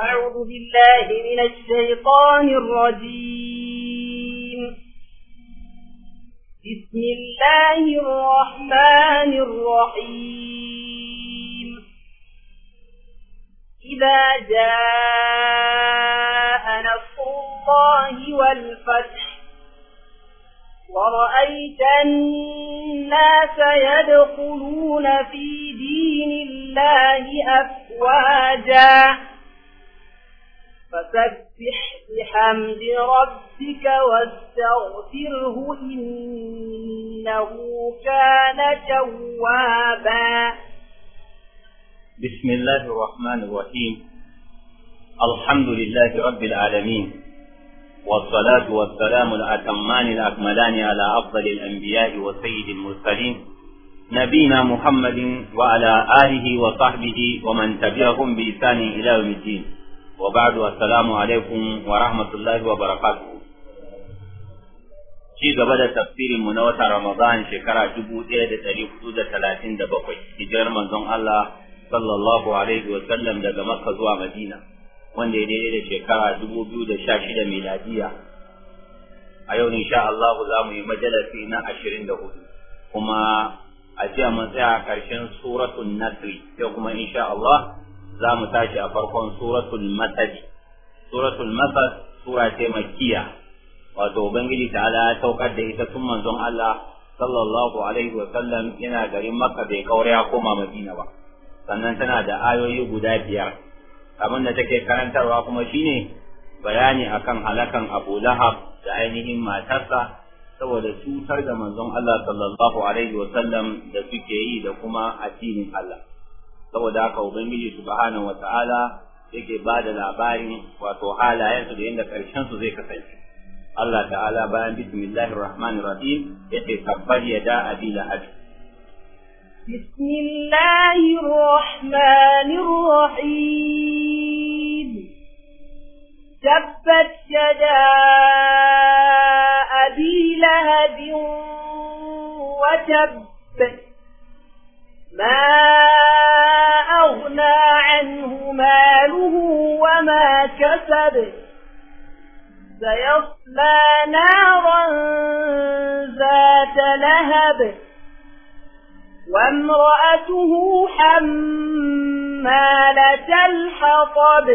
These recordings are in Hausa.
أعوذ بالله من الشيطان الرجيم بسم الله الرحمن الرحيم إذا جاء نصر الله والفتح ورأيت الناس يدخلون في دين الله أفواجاً فسبح بحمد ربك واستغفره إنه كان توابا بسم الله الرحمن الرحيم الحمد لله رب العالمين والصلاة والسلام الأتمان الأكملان على أفضل الأنبياء وسيد المرسلين نبينا محمد وعلى آله وصحبه ومن تبعهم بإسان إلى يوم الدين وبعد السلام عليكم ورحمة الله وبركاته ci gaba da tafsirin mu na wata Ramadan shekara dubu ɗaya da da da hudu talatin bakwai, hijirar manzon Allah sallallahu alaihi wa sallam daga Makka zuwa Madina wanda ya daidai da shekara 2016 miladiya a yau insha Allah za mu yi majalisi na ashirin da hudu? kuma a jiya mun tsaya a ƙarshen suratun nasr sai kuma insha Allah za mu tashi a farkon suratul masad suratul masad sura ce makkiya wato ubangiji ta ala ya saukar da ita tun manzon Allah sallallahu alaihi wa sallam yana garin makka bai kaure ya koma madina ba sannan tana da ayoyi guda biyar abin da take karantarwa kuma shine bayani akan halakan Abu Lahab da ainihin matarsa saboda cutar da manzon Allah sallallahu alaihi wa sallam da suke yi da kuma addinin Allah saboda haka ubangiji subhanahu wataala yake bada labari wato halayen su da inda karshen su zai kasance Allah ta'ala bayan bismillahir rahmanir rahim yace tabbar da abi lahab بسم الله الرحمن الرحيم تبت يدا أبي لهب وتب ما أغنى عنه ماله وما كسب سيصلى نارا ذات لهب وامرأته حمالة الحطب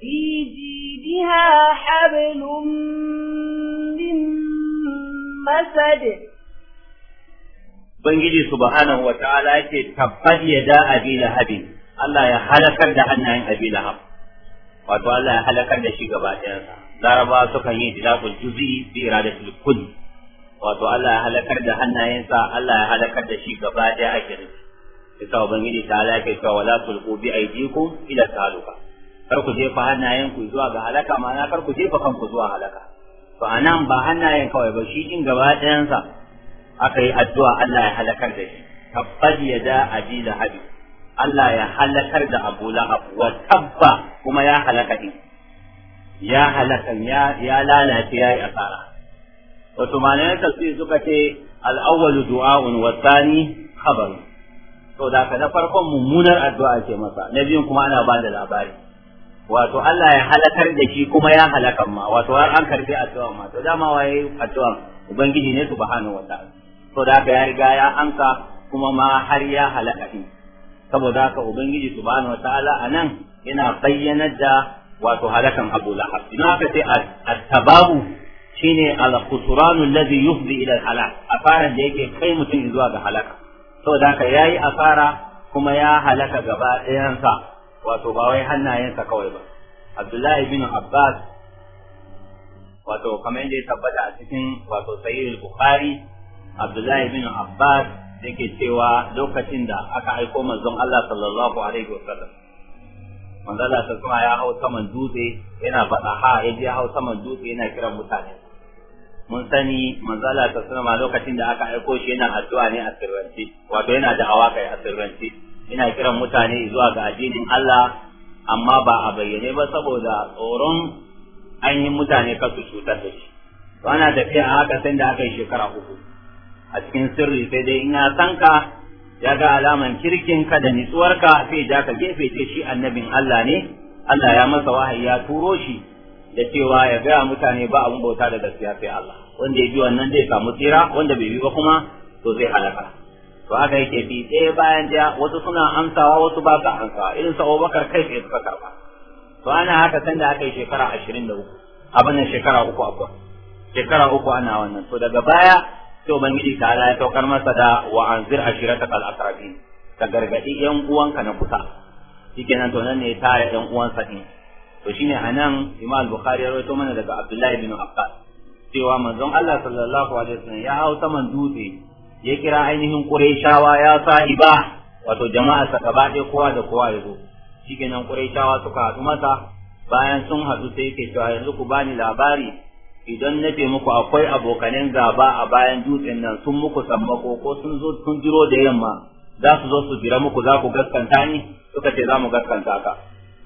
في جيدها حبل من مسد ubangiji subhanahu wa ta'ala yake tabbat ya yada abi lahab Allah ya halakar da hannayen abi lahab wato Allah ya halakar da shi gaba ɗayansa laraba sukan yi dilaqul juzi bi iradatul kull wato Allah ya halakar da hannayensa Allah ya halakar da shi gaba ɗaya ake nufi yasa ubangiji ta ala yake cewa wala tulqu bi aydikum ila taluka kar ku jefa hannayen ku zuwa ga halaka ma'ana kar ku jefa kanku zuwa halaka to a nan ba hannayen kawai ba shi din gaba ɗayansa aka yi addu'a Allah ya halakar da shi tabbad yada abi lahab Allah ya halakar da Abu Lahab wa tabba kuma ya halaka din ya halaka ya ya lalace ya yi asara wato malayan tafsir suka ce al-awwal du'a'un wa thani khabar to da ka na farkon mummunar addu'a ce masa na biyun kuma ana ba da labari wato Allah ya halakar da shi kuma ya halakan ma wato har an karbi addu'a ma to dama waye addu'a ubangiji ne subhanahu wa ta'ala to da ya riga ya anka kuma ma har ya halaka din saboda haka ubangiji subhanahu wataala anan yana bayyanar da wato halakan Abu Lahab idan aka ce at-tababu shine al-khusran alladhi yuhdi ila al-halak asaran da yake kai mutum zuwa ga halaka saboda haka yayi asara kuma ya halaka gaba ɗayansa wato ba wai hannayensa kawai ba Abdullahi bin Abbas wato kamar yadda ya tabbata a cikin wato sahih al-Bukhari Abdullahi bin Abbas yake cewa lokacin da aka aiko manzon Allah sallallahu alaihi wasallam manzon Allah ta kuma ya hau saman dutse yana faɗa ha ya je hau saman dutse yana kiran mutane mun sani manzon Allah ta kuma lokacin da aka aiko shi yana addu'a ne a sirrance wato yana da hawa kai a sirrance yana kiran mutane zuwa ga addinin Allah amma ba a bayyane ba saboda tsoron an yi mutane kasu cutar da shi ana tafiya a haka sai da aka yi shekara uku a cikin sirri sai dai in ya san ka ya ga alaman kirkin ka da ka sai ja ka gefe ce shi annabin Allah ne Allah ya masa wahayi ya turo shi da cewa ya gaya mutane ba abun bauta da gaskiya sai Allah wanda ya bi wannan zai samu tsira wanda bai bi ba kuma to zai halaka to haka yake bi ɗaya bayan ɗaya wasu suna amsawa wasu ba sa amsawa irin sa Abubakar kai sai suka karba to ana haka da aka yi shekara ashirin da uku abin nan shekara uku akwai shekara uku ana wannan to daga baya sai ubangiji ta ala ya saukar masa da wa anzir ashirata al aqrabi ka gargadi yan uwanka na kusa shikenan to nan ne ya tara ƴan uwansa din to shine anan imam al-bukhari ya rawaito mana daga abdullahi bin abbas cewa manzon Allah sallallahu alaihi wasallam ya hau saman dutse ya kira ainihin Qurayshawa ya sahiba wato jama'a sa gaba ɗaya kowa da kowa ya zo shikenan Qurayshawa suka haɗu masa bayan sun haɗu sai yake cewa yanzu ku bani labari idan na ce muku akwai abokanin gaba a bayan dutsen nan sun muku sammako ko sun zo sun jiro da yamma za su zo su jira muku za ku gaskanta ni suka ce za mu gaskanta ka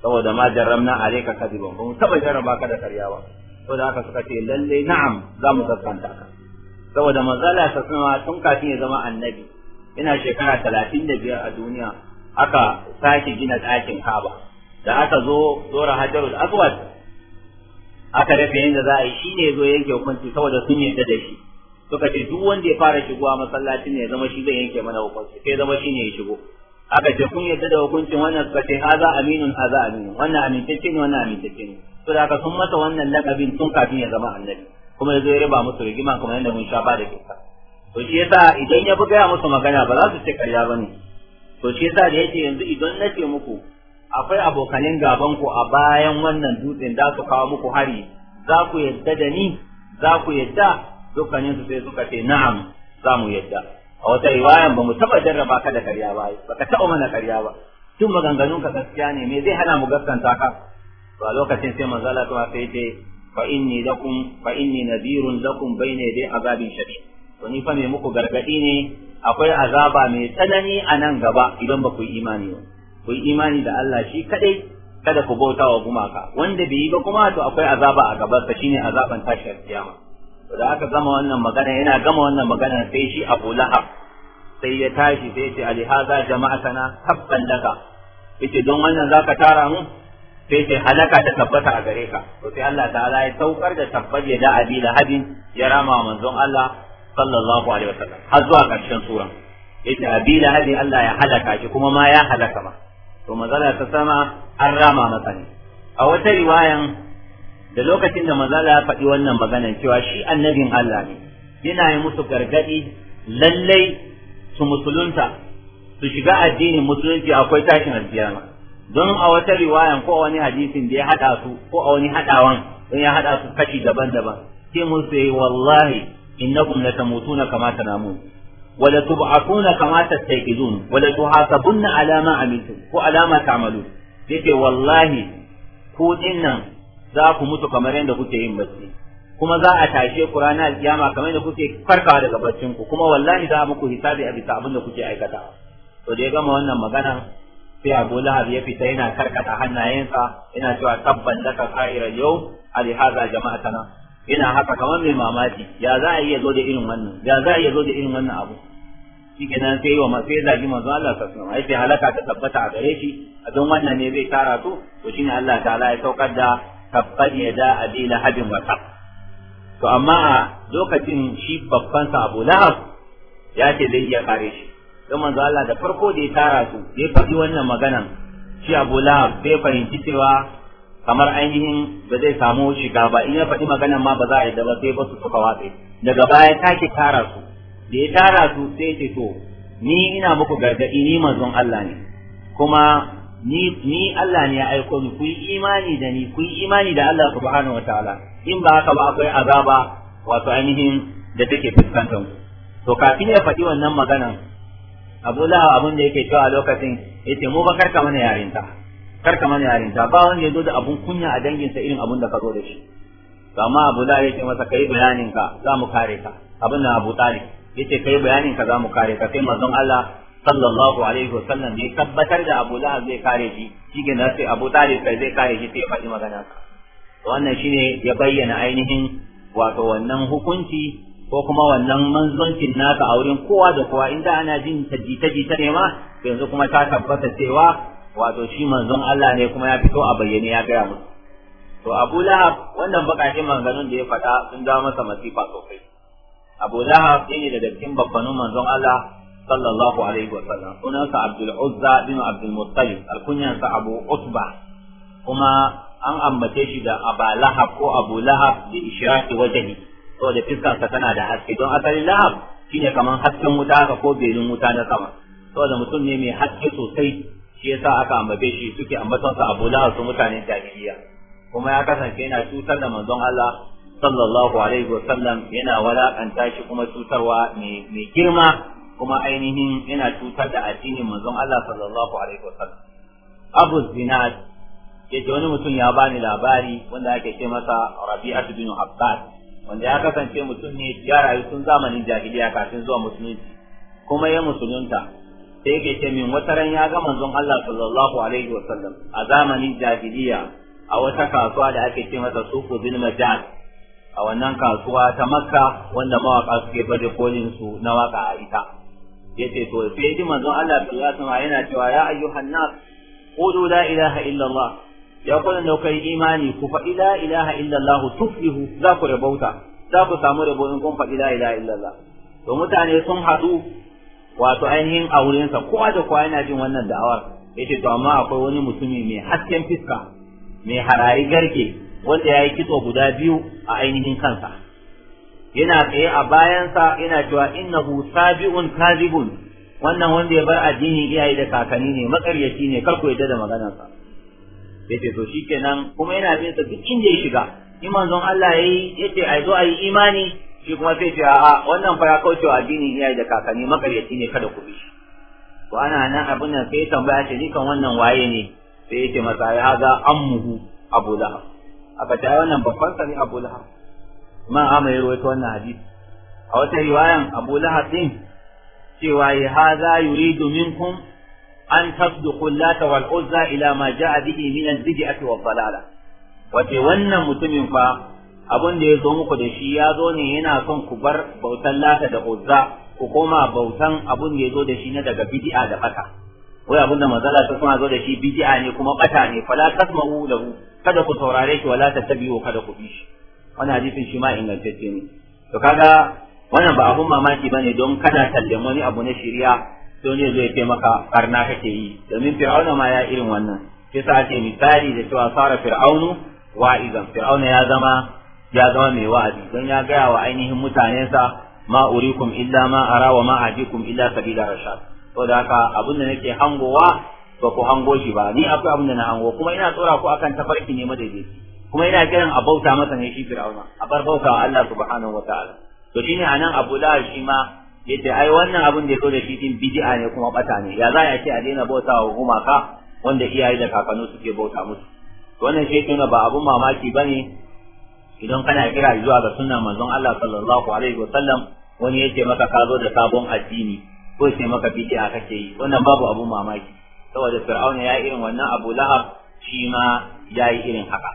saboda ma jarramna alayka kadiban ba mu taba jarraba ka da karya ba saboda haka suka ce lalle na'am za mu gaskanta ka saboda mazala ta sunawa tun kafin ya zama annabi ina shekara talatin da biyar a duniya aka sake gina ɗakin kaba da aka zo zora hajarul aswad aka rufe yadda za a yi shi ne zo yanke hukunci saboda sun yarda da shi suka ce duk wanda ya fara shigowa masallacin ne ya zama shi zai yanke mana hukunci sai zama shi ne ya shigo aka ce kun yarda da hukuncin wannan suka ce haza aminun haza aminun wannan amintacce ne wannan amintacce ne to da aka sun masa wannan lakabin tun kafin ya zama annabi kuma ya zo ya raba musu rigima kamar yadda mun sha ba da kisa to shi yasa idan ya buga musu magana ba za su ce karya ba ne to shi yasa da yake yanzu idan na ce muku akwai abokanin gaban ku a bayan wannan dutsen za su kawo muku hari za ku yadda da ni za ku yadda dukkanin su sai suka ce na'am za mu yadda a wata riwayan ba mu taba jarraba ka da karya ba baka taba mana karya ba tun maganganun ka gaskiya ne me zai hana mu gaskanta ka to a lokacin sai manzo Allah ta sai ce fa inni lakum fa inni nadirun lakum bayna yadi azabin shadid to ni fa me muku gargadi ne akwai azaba mai tsanani a nan gaba idan ba ku yi imani ba ku yi imani da Allah shi kadai kada ku bauta wa gumaka wanda bai yi ba kuma to akwai azaba a ka shine azaban a kiyama to da aka gama wannan magana yana gama wannan magana sai shi Abu Lahab sai ya tashi sai ya ce alihaza jama'atana tabban laka yace don wannan zaka tara mu sai ce halaka ta tabbata a gare ka to sai Allah ta'ala ya saukar da tabbar ya da abi ya rama manzon Allah sallallahu alaihi wasallam har zuwa ƙarshen sura yace abi lahabi Allah ya halaka shi kuma ma ya halaka ma to mazala ta sama an rama masa ne a wata riwayan da lokacin da mazala ya faɗi wannan maganan cewa shi annabin Allah ne yana yi musu gargaɗi lallai su musulunta su shiga addinin musulunci akwai tashin alkiyama don a wata riwayan ko a wani hadisin da ya haɗa su ko a wani haɗawan don ya haɗa su kashi daban-daban sai mun sai wallahi innakum latamutuna kama tanamun wala tub'atuna kama tastaqizun wala tuhasabunna ala ma amiltum ko ala ma ta'malun yake wallahi ku nan za ku mutu kamar yadda kuke yin bacci kuma za a tashe ku ranar alkiyama kamar yadda kuke farkawa daga baccin ku kuma wallahi za a muku hisabi a abin da kuke aikata to da ya gama wannan magana sai Abu ya fita yana karkata hannayensa yana cewa tabban laka sa'iral yau ali jama'a tana. ina haka kamar mai mamaki ya za a iya zo da irin wannan ya za a iya zo da irin wannan abu shi nan sai wa masu sai zagi manzo Allah sallallahu alaihi wasallam halaka ta tabbata a gare shi a don wannan ne zai tara su to shine Allah ta'ala ya saukar da tabbat yada abi lahabin wa tab to amma a lokacin shi babban sa Abu Lahab ya ce zai iya kare shi don manzo Allah da farko da ya tara su ya faɗi wannan maganan shi Abu Lahab bai fahimci cewa kamar ainihin da zai samu shiga ba in ya faɗi maganan ma ba za a yi da ba sai ba su suka watsa daga baya ta take tara su da ya tara su sai ce to ni ina muku gargaɗi ni manzon Allah ne kuma ni Allah ne ya aiko ni ku yi imani da ni ku yi imani da Allah subhanahu wataala in ba haka ba akwai azaba wato ainihin da take fuskantar to kafin ya faɗi wannan maganan Abdullahi abin da yake cewa a lokacin yace mu bakar ka mana yarinta kar ka mana yarinta ba wanda ya zo da abun kunya a danginsa irin abun da ka zo da shi to amma Abu ya yake masa kai bayanin ka za mu kare ka abin da Abu Talib yace kai bayanin ka za mu kare ka sai manzon Allah sallallahu alaihi wasallam ne tabbatar da Abu da zai kare shi shi na sai Abu Talib kai zai kare shi sai ya faɗi magana wannan shine ya bayyana ainihin wato wannan hukunci ko kuma wannan manzoncin naka a wurin kowa da kowa inda ana jin tajita-jita ne ma yanzu kuma ta tabbata cewa wato shi manzon Allah ne kuma ya fito a bayyane ya gaya musu to Abu Lahab wannan bakakin maganganun da ya faɗa sun zama masa masifa sosai Abu Lahab ɗaya ne daga cikin babbanin manzon Allah sallallahu alaihi wa sallam sunansa Abdul Uzza bin Abdul Muttalib alkunyansa Abu Utba kuma an ambace shi da Aba Lahab ko Abu Lahab da ishraqi wajhi to da fiskarsa tana da haske don asalin Lahab shine kaman hasken wuta ko belin wuta na sama saboda mutum ne mai haske sosai shi yasa aka ambace shi suke ambaton a Abu Lahab su mutanen jahiliya kuma ya kasance yana cutar da manzon Allah sallallahu alaihi yana walakanta shi kuma cutarwa mai girma kuma ainihin yana cutar da addinin manzon Allah sallallahu alaihi Abu Zinad yace wani mutum ya bani labari wanda ake ce masa Rabi'atu bin Abbas wanda ya kasance mutum ne ya rayu tun zamanin jahiliya kafin zuwa musulunci kuma ya musulunta sai yake ce min wata ran ya ga manzon Allah sallallahu alaihi wa sallam a zamanin jahiliya a wata kasuwa da ake ce masa suku bin majal a wannan kasuwa ta makka wanda mawaka suke bada kolin su na waka a ita yace to sai ji manzon Allah sallallahu alaihi wa sallam yana cewa ya ayyuhan nas qulu la ilaha illa Allah ya kula da kai imani ku faɗi la ilaha illa Allah tuflihu za ku rabauta za ku samu rabo in kun faɗi la ilaha illa Allah to mutane sun haɗu wato ainihin aurensa kowa da kowa yana jin wannan da'awar yace to amma akwai wani mutumi mai hasken fiska mai harari garke wanda ya yi kitso guda biyu a ainihin kansa yana tsaye a bayansa yana cewa innahu sabi'un kadibun wannan wanda ya bar addini iyaye da kakanni ne makaryaci ne kar ku yadda da maganarsa yace to shikenan kuma yana bin sa duk inda ya shiga in manzon Allah yayi yace ai zo ayi imani shi kuma sai ce a'a wannan fa ya kauce wa addini iyaye da kakanni makaryaci ne kada ku bi shi to ana nan abin nan sai tambaya ce ni kan wannan waye ne sai yake masa ya ga ammuhu abu lahab aka ta wannan babban sa ne abu lahab ma amai ruwaito wannan hadisi a wata riwayan abu lahab din cewa ya haza yuridu minkum an tasduqu lata wal uzza ila ma ja'a bihi min al-bid'ati wal dalala wace wannan mutumin fa abin da ya zo muku da shi ya zo ne yana son ku bar bautan lata da uzza ku koma bautan abin da ya zo da shi na daga bid'a da bata wai abin da mazala ta kuma zo da shi bid'a ne kuma bata ne fala tasma'u lahu kada ku taurare shi wala tattabi'u kada ku bi shi wannan hadisin shi ma ingantacce ne to kaga wannan ba abun mamaki bane don kada tallan wani abu na shari'a don ne zai maka karna kake yi domin fir'auna ma ya irin wannan sai sa ake misali da cewa sara fir'aunu wa'izan fir'auna ya zama ya zama mai wa'azi don ya gaya wa ainihin mutanensa ma urikum illa ma ara wa ma ajikum illa sabila rashad saboda haka abin da nake hangowa ba ku hango shi ba ni akwai abin da na hango kuma ina tsora ku akan tafarki ne madaidaici kuma ina kiran a bauta masa ne shi fir'auna a bar bauta wa Allah subhanahu ta'ala to shine anan Abu Lahab shi ma yace ai wannan abin da yake da shi din bid'a ne kuma bata ne ya za ya ce a daina bauta wa gumaka wanda iyaye da kakanni suke bauta musu wannan shi ba abun mamaki bane idan kana kira zuwa ga sunnan manzon Allah sallallahu alaihi wa sallam, wani yace maka ka zo da sabon addini ko yake maka bid'a kake yi wannan babu abu mamaki saboda fir'auna ya irin wannan Abu Lahab shi ma ya yi irin haka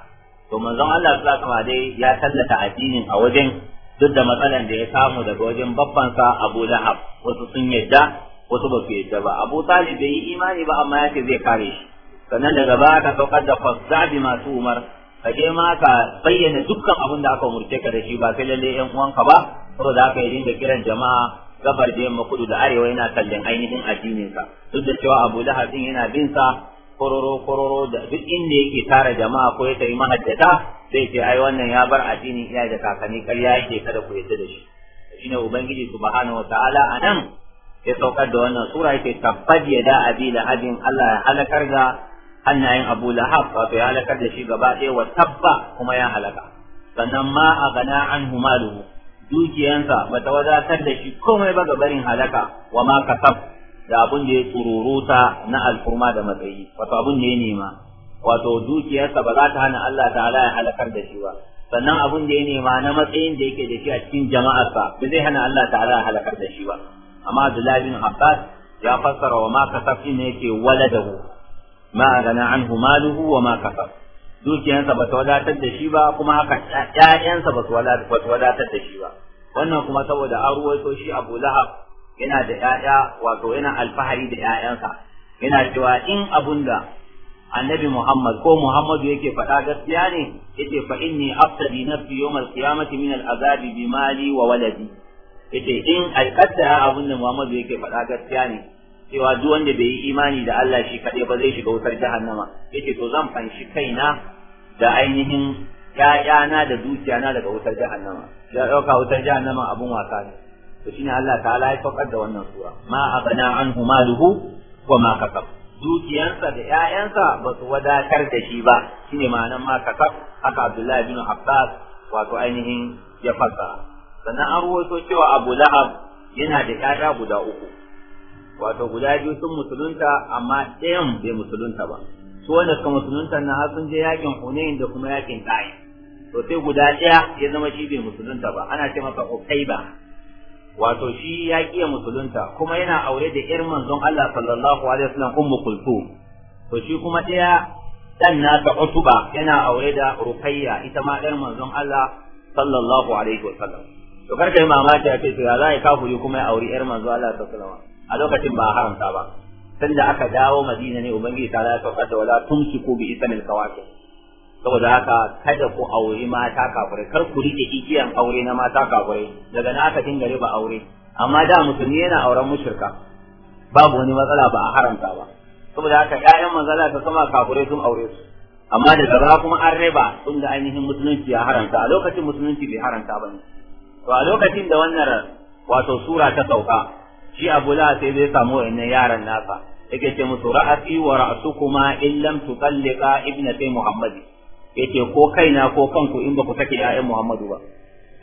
to manzon Allah sallallahu alaihi wa sallam ya tallata addinin a wajen duk da matsalan da ya samu daga wajen babbansa Abu Lahab wasu sun yadda wasu ba su yadda ba Abu Talib bai yi imani ba amma ya zai kare shi sannan daga baya ka saukar da fasda bi masu umar ka je ma ka bayyana dukkan abin da aka umurce ka da shi ba sai lalle yan uwanka ba ko za ka ya dinga kiran jama'a gabar da yamma kudu da arewa yana kallon ainihin addininsa duk da cewa abu lahab din yana bin sa kororo kororo da duk inda yake tara jama'a ko ya kai mahaddata zai ce ai wannan ya bar addinin iya da kakanni ƙarya yake kada ku yadda da shi shine ubangiji subhanahu wataala anan ya saukar da wannan sura yake tabbad yada abi lahabin Allah ya halakar da hannayen Abu Lahab wato ya halakar da shi gaba ɗaya wa tabba kuma ya halaka sannan ma a gana an humaluhu dukiyansa bata wadatar da shi komai ba gabarin halaka wa ma kasaf da abun da ya tsururuta na alfurma da matsayi wato abun da ya nema wato dukiyarsa ba za ta hana Allah ta'ala ya halakar da shi ba sannan abun da ya nema na matsayin da yake da shi a cikin jama'arsa ba zai hana Allah ta'ala ya halakar da shi ba amma Abdullahi bin Abbas ya fassara wa ma kasab ne yake waladahu ma agana anhu wa ma kasab dukiyarsa ba ta wadatar da shi ba kuma haka ƴaƴansa ba su wadatar da shi ba wannan kuma saboda an ruwaito shi Abu Lahab yana da ƴaƴa wato yana alfahari da ƴaƴansa yana cewa in abunda annabi Muhammad ko Muhammadu yake faɗa gaskiya ne yace fa inni aftadi nafsi yawmal qiyamati min al-azabi bi mali wa waladi yace in alqatta abunda Muhammadu yake faɗa gaskiya ne cewa duk wanda bai yi imani da Allah shi kaɗai ba zai shiga wutar jahannama yace to zan fanshi kaina da ainihin ƴaƴana da dukiyana daga wutar jahannama ya ɗauka wutar jahannama abun wasa ne to shine Allah ta'ala ya faɗar da wannan sura ma abana anhu maluhu wa ma kasab dukiyansa da ƴaƴansa ba su wadatar da shi ba shine ma'anan ma kasab haka Abdullahi bin Abbas wato ainihin ya fassara sannan an ruwaito cewa Abu Lahab yana da ƴaƴa guda uku wato guda biyu sun musulunta amma ɗayan bai musulunta ba su wanda suka musulunta na har sun je yakin hunain da kuma yakin ta'i to sai guda ɗaya ya zama shi bai musulunta ba ana ce masa ukaiba wato shi ya kiya musulunta kuma yana aure da ƴar manzon Allah sallallahu alaihi wasallam ummu kulthum to shi kuma ɗaya dan nasa utuba yana aure da rukayya ita ma ɗan manzon Allah sallallahu alaihi wasallam to karka yi mamaki a ce to ya za ka kafuri kuma ya aure ƴar manzon Allah sallallahu alaihi wasallam a lokacin ba a haramta ba sai da aka dawo madina ne ubangiji ta ya sauka da wala tumsiku bi ismil kawakib saboda haka kada ku aure mata kafirai kar ku rike igiyan aure na mata kafirai daga nan aka dinga riba aure amma da musulmi yana auren mushrika babu wani matsala ba a haramta ba saboda haka ƴaƴan manzala ta sama kafirai sun aure su amma da gaba kuma an riba tun da ainihin musulunci ya haramta a lokacin musulunci bai haramta ba ne to a lokacin da wannan wato sura ta sauka shi abu la sai zai samu wa'annan yaran nasa yake ce musu ra'asi wa ra'sukuma in lam tutalliqa ibnatay muhammadi yace ko kaina ko kanku in ba ku sake ƴaƴan muhammadu ba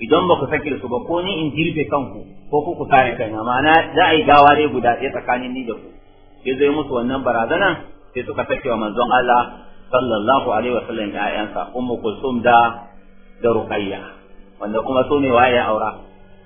idan ba ku sake su ba ko ni in girbe kanku ko ku sare kaina ma'ana za a yi gawa dai guda ɗaya tsakanin ni da ku sai zai musu wannan barazanan sai suka sake wa manzon Allah sallallahu alaihi wa sallam ƴaƴansa ummu kulsum da da ruqayya wanda kuma su ne waye aura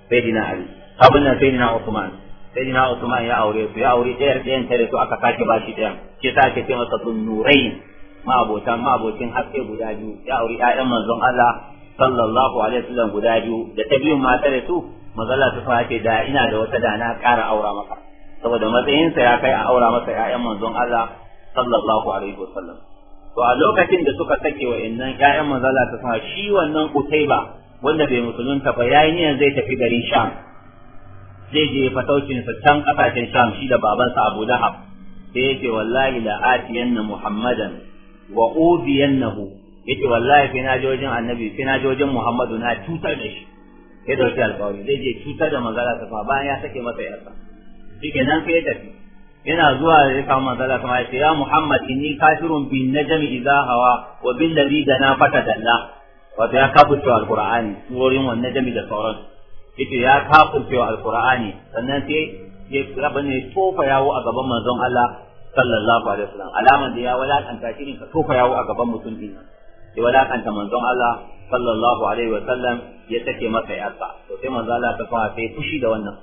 sayyidina ali abin nan sayyidina usman sai na Usman ya aure su ya aure ɗayar ɗayan tare su aka sake ba shi ɗayan ke sa ake ce masa sun nurai ma'abotan ma'abocin haske guda biyu ya aure ƴaƴan manzon Allah sallallahu alaihi wasallam guda biyu da ta biyun ma tare su mazalla ta fara ce da ina da wata da na ƙara aura maka saboda matsayinsa ya kai a aura masa ƴaƴan manzon Allah sallallahu alaihi wasallam to a lokacin da suka sake wa innan ƴaƴan manzala ta sama shi wannan Utaiba wanda bai musulunta ba yayin ne zai tafi garin Sham zai je fataucinsa can kasashen sham shi da babansa abu lahab sai yake wallahi la atiyanna muhammadan wa ubiyannahu yace wallahi fi na jojin annabi fi na jojin muhammadu na cutar da shi sai da wasu alƙawari zai je cutar da manzala fa bayan ya sake masa yarsa shi nan sai ya tafi yana zuwa da ya kawo manzala sama ya ce ya muhammad inni kafirun bin najmi idza hawa wa bil ladhi dana fatadalla wato ya kafuce alqur'ani surorin wannan najmi da sauransu yake ya kafurcewa alqur'ani sannan sai ya raba ne tofa yawo a gaban manzon Allah sallallahu alaihi wasallam alaman da ya walakanta shi ne ka tofa yawo a gaban mutum din ya walakanta manzon Allah sallallahu alaihi wasallam ya take masa yasa to sai manzon Allah ta fara sai fushi da wannan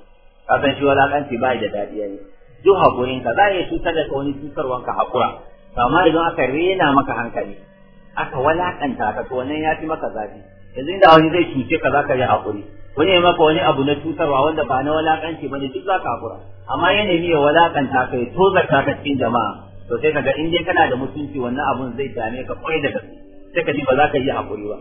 kasan shi walakanci ba da dadi yayi duk hakurin ka za ya cutar da wani cutarwan ka hakura amma idan aka rena maka hankali aka walakanta ka to wannan ya fi maka zafi yanzu inda wani zai cuce ka za ka yi hakuri wani ya maka wani abu na cutarwa wanda ba na walakanci ba ne duk za ka hakura amma ya nemi ya walakanta kai to zakka ka cikin jama'a to sai kaga in dai kana da mutunci wannan abun zai dame ka kwai da gaske sai ka ji ba za ka yi hakuri ba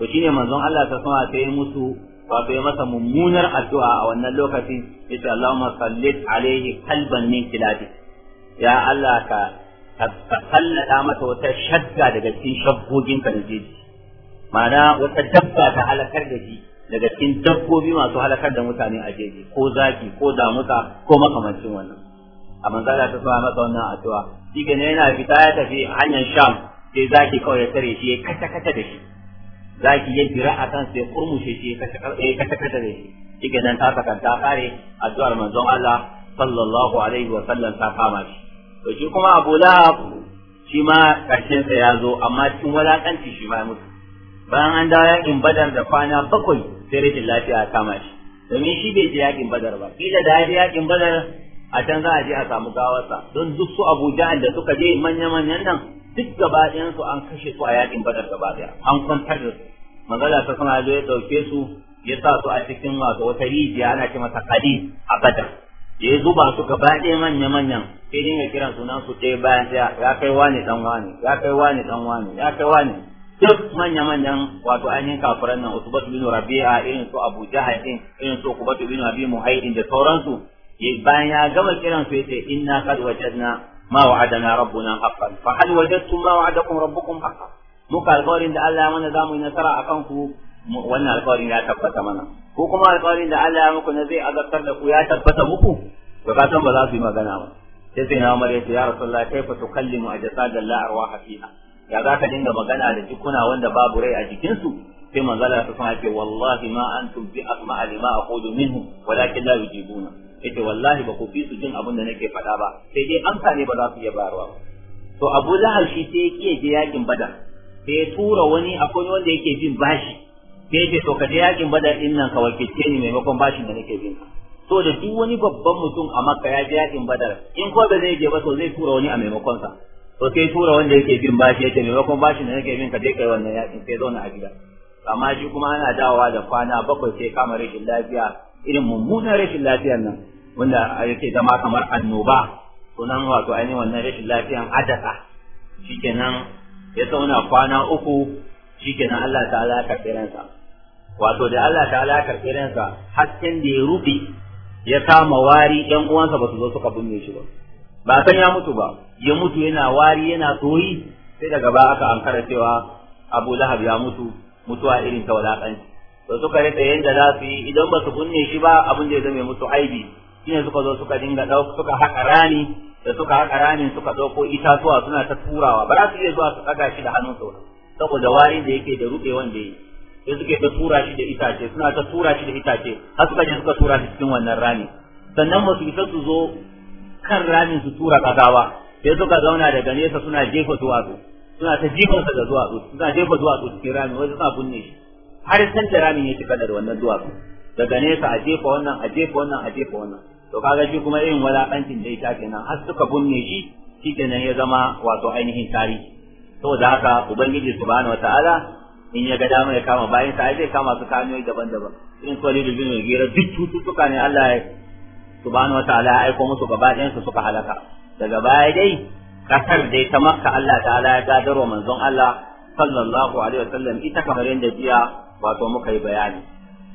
to shine manzon Allah ta sama ta yi mutu wato ya masa mummunar addu'a a wannan lokacin yace Allahumma salli alaihi qalban min kilabi ya Allah ka ka kallada masa wata shadda daga cikin shaggogin ka ma'ana wata dabba ta halakar da shi daga cikin dabbobi masu halakar da mutane a jeji ko zaki ko damuka ko makamancin wannan a manzala ta sama masa wannan addu'a shi ne yana fita ya tafi hanyar sham sai zaki kawai ya tare shi ya kata kata da shi zaki ya jira a kan sai kurmushe shi ya kata kata da shi shi nan ta sakanta kare a addu'ar manzon Allah sallallahu alaihi wa sallam ta kama shi to shi kuma Abu Lahab shi ma karshen sa ya zo amma cikin wulakanci shi ma ya mutu bayan an dawo yakin badar da kwana bakwai sai rashin lafiya kama shi domin shi bai je yakin badar ba kila da ya yakin badar a can za a je a samu gawarsa don duk su Abuja da suka je manya-manyan nan duk gaba su an kashe su a yakin badar gaba daya an kwantar da su magana ta sama zo ya dauke su ya sa su a cikin wato wata rijiya ana ce masa kadi a badar ya zuba su gaba ɗaya manya-manyan sai dinga kiran sunan su ɗaya bayan ɗaya ya kai wani dan wani ya kai wani dan wani ya kai wani duk manya-manyan wato ainihin kafiran nan usbat bin Rabi'a irin su Abu Jahal din irin su Kubatu bin Abi Muhayyid da sauransu bayan ya gama kiran su yace inna qad wajadna ma wa'adana rabbuna haqqan fa hal wajadtum ma wa'adakum rabbukum haqqan muka alƙawarin da Allah ya mana zamu yi nasara akan ku wannan alƙawarin ya tabbata mana ko kuma alƙawarin da Allah ya muku na zai azabtar da ku ya tabbata muku to ka san ba za su yi magana ba sai sai na mare ya ce ya Rasulullah kaifa tukallimu ajsadan la arwaha fiha ya za ka dinga magana da jikuna wanda babu rai a jikinsu sai manzala ta kuma ce wallahi ma an bi asma alima aqulu minhum walakin la yujibuna yace wallahi ba ku fi su jin abin da nake faɗa ba sai dai amsa ne ba za su iya bayarwa ba to Abu Lahab shi sai ya kiyaye je yakin Badar sai ya tura wani akwai wanda yake bin bashi sai ya to ka je yakin Badar din nan ka wakilce ni maimakon bashin da nake bin to da duk wani babban mutum a Makka ya je yakin Badar in ko da zai je ba to zai tura wani a maimakonsa. to sai tura wanda yake bin bashi yake maimakon bashin da yake bin ka dai kai wannan yakin sai zauna a gida amma shi kuma ana dawowa da kwana bakwai sai kama rashin lafiya irin mummunan rashin lafiyar nan wanda yake zama kamar annoba sunan wato ainihin wannan rashin lafiyan adaka shikenan ya zauna kwana uku shikenan Allah ta'ala ya karɓi ransa wato da Allah ta'ala ya karɓi ransa hasken da ya rufe ya kama wari ɗan uwansa ba su zo suka binne shi ba ba san ya mutu ba ya mutu yana wari yana soyi sai daga ba aka ankara cewa Abu Lahab ya mutu mutuwa irin ta wadakanci to suka rika yanda za su yi idan ba su kunne shi ba abin da ya zama mutu aibi shine suka zo suka dinga dau suka haƙa rani da suka haƙa rani suka dauko itatuwa suna ta turawa ba za su iya zuwa su daga shi da hannun su saboda warin da yake da ruɓe wanda yi, sai suke ta tura shi da itace suna ta tura shi da itace har suka je suka tura shi cikin wannan rani, sannan ba su isa su zo kan ramin su tura kagawa sai suka zauna daga nesa suna jefa duwatsu suna ta jifansa da duwatsu suna jefa duwatsu cikin ramin wasu suna bunne shi har san da ramin ya cika da wannan duwatsu daga nesa a jefa wannan a jefa wannan a jefa wannan to kaga shi kuma irin walakancin da ya kenan har suka bunne shi shikenan ya zama wato ainihin tarihi da haka ubangiji subhanahu wataala in ya ga dama ya kama bayan sa zai kama su kamiyoyi daban-daban in da bin gira duk cututtuka ne Allah ya subhanahu wataala ya aiko musu gaba ɗayan su suka halaka daga baya dai kasar dai ta makka Allah ta'ala ya gadarwa manzon Allah sallallahu alaihi wasallam ita kamar yadda jiya wato muka yi bayani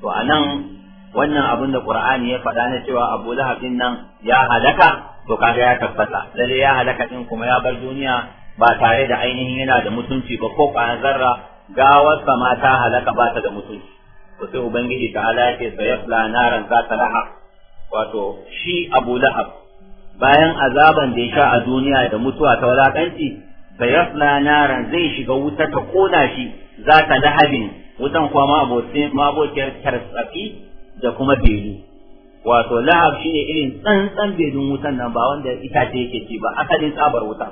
to anan wannan abin da Qur'ani ya faɗa na cewa Abu Lahab ɗin nan ya halaka to kaga ya tabbata lalle ya halaka din kuma ya bar duniya ba tare da ainihin yana da mutunci ba ko kana zarra gawar sa ma ta halaka ba ta da mutunci to sai ubangiji ta ala ya ce sayafla naran za ta laha wato shi abu lahab bayan azaban da ya sha a duniya da mutuwa ta walakanci da yasla nara zai shiga wuta ta kona shi za ta lahabin wutan kuwa mabokiyar tarsafi da kuma belu wato lahab shine irin tsantsan belun wutan nan ba wanda itace yake ci ba asalin tsabar wuta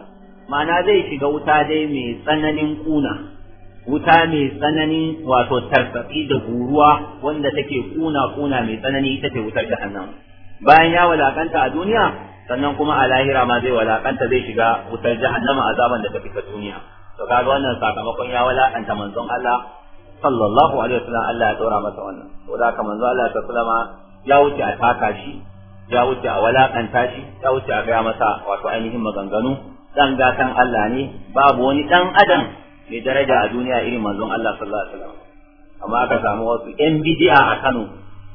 ma'ana zai shiga wuta dai mai tsananin kuna wuta mai tsananin wato tarsafi da guruwa wanda take kuna kuna mai tsanani ita ce wutar jahannama bayan ya walakanta a duniya sannan kuma a lahira ma zai walakanta zai shiga wutar jahannama azaban da ta fita duniya to kaga wannan sakamakon ya walakanta manzon Allah sallallahu alaihi wasallam Allah ya dora masa wannan to da haka manzon Allah sallama ya wuce a taka shi ya wuce a walakanta shi ya wuce a gaya masa wato ainihin maganganu dan gatan Allah ne babu wani dan adam mai daraja a duniya irin manzon Allah sallallahu alaihi wasallam amma aka samu wasu yan bid'a a Kano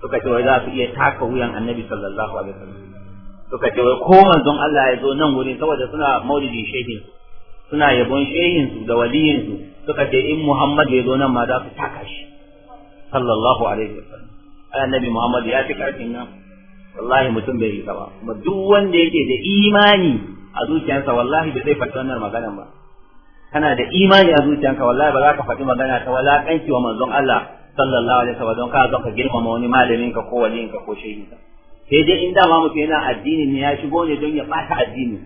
suka ce wai za su iya taka wuyan annabi sallallahu alaihi wasallam suka ce wai ko manzon Allah ya zo nan wurin saboda suna maulidin shehin suna yabon shehin su da waliyin su suka ce in Muhammad ya zo nan ma za su taka shi sallallahu alaihi wasallam annabi Muhammad ya ci karfin nan wallahi mutum bai yi ba kuma duk wanda yake da imani a zuciyarsa wallahi bai zai fata wannan maganar ba kana da imani a zuciyarka wallahi ba za ka faɗi magana ta kanki wa manzon Allah sallallahu alaihi wa don ka zan ka girmama wani malamin ka ko walin ka ko shehin ka sai dai in dama mutum yana addini ne ya shigo ne don ya bata addini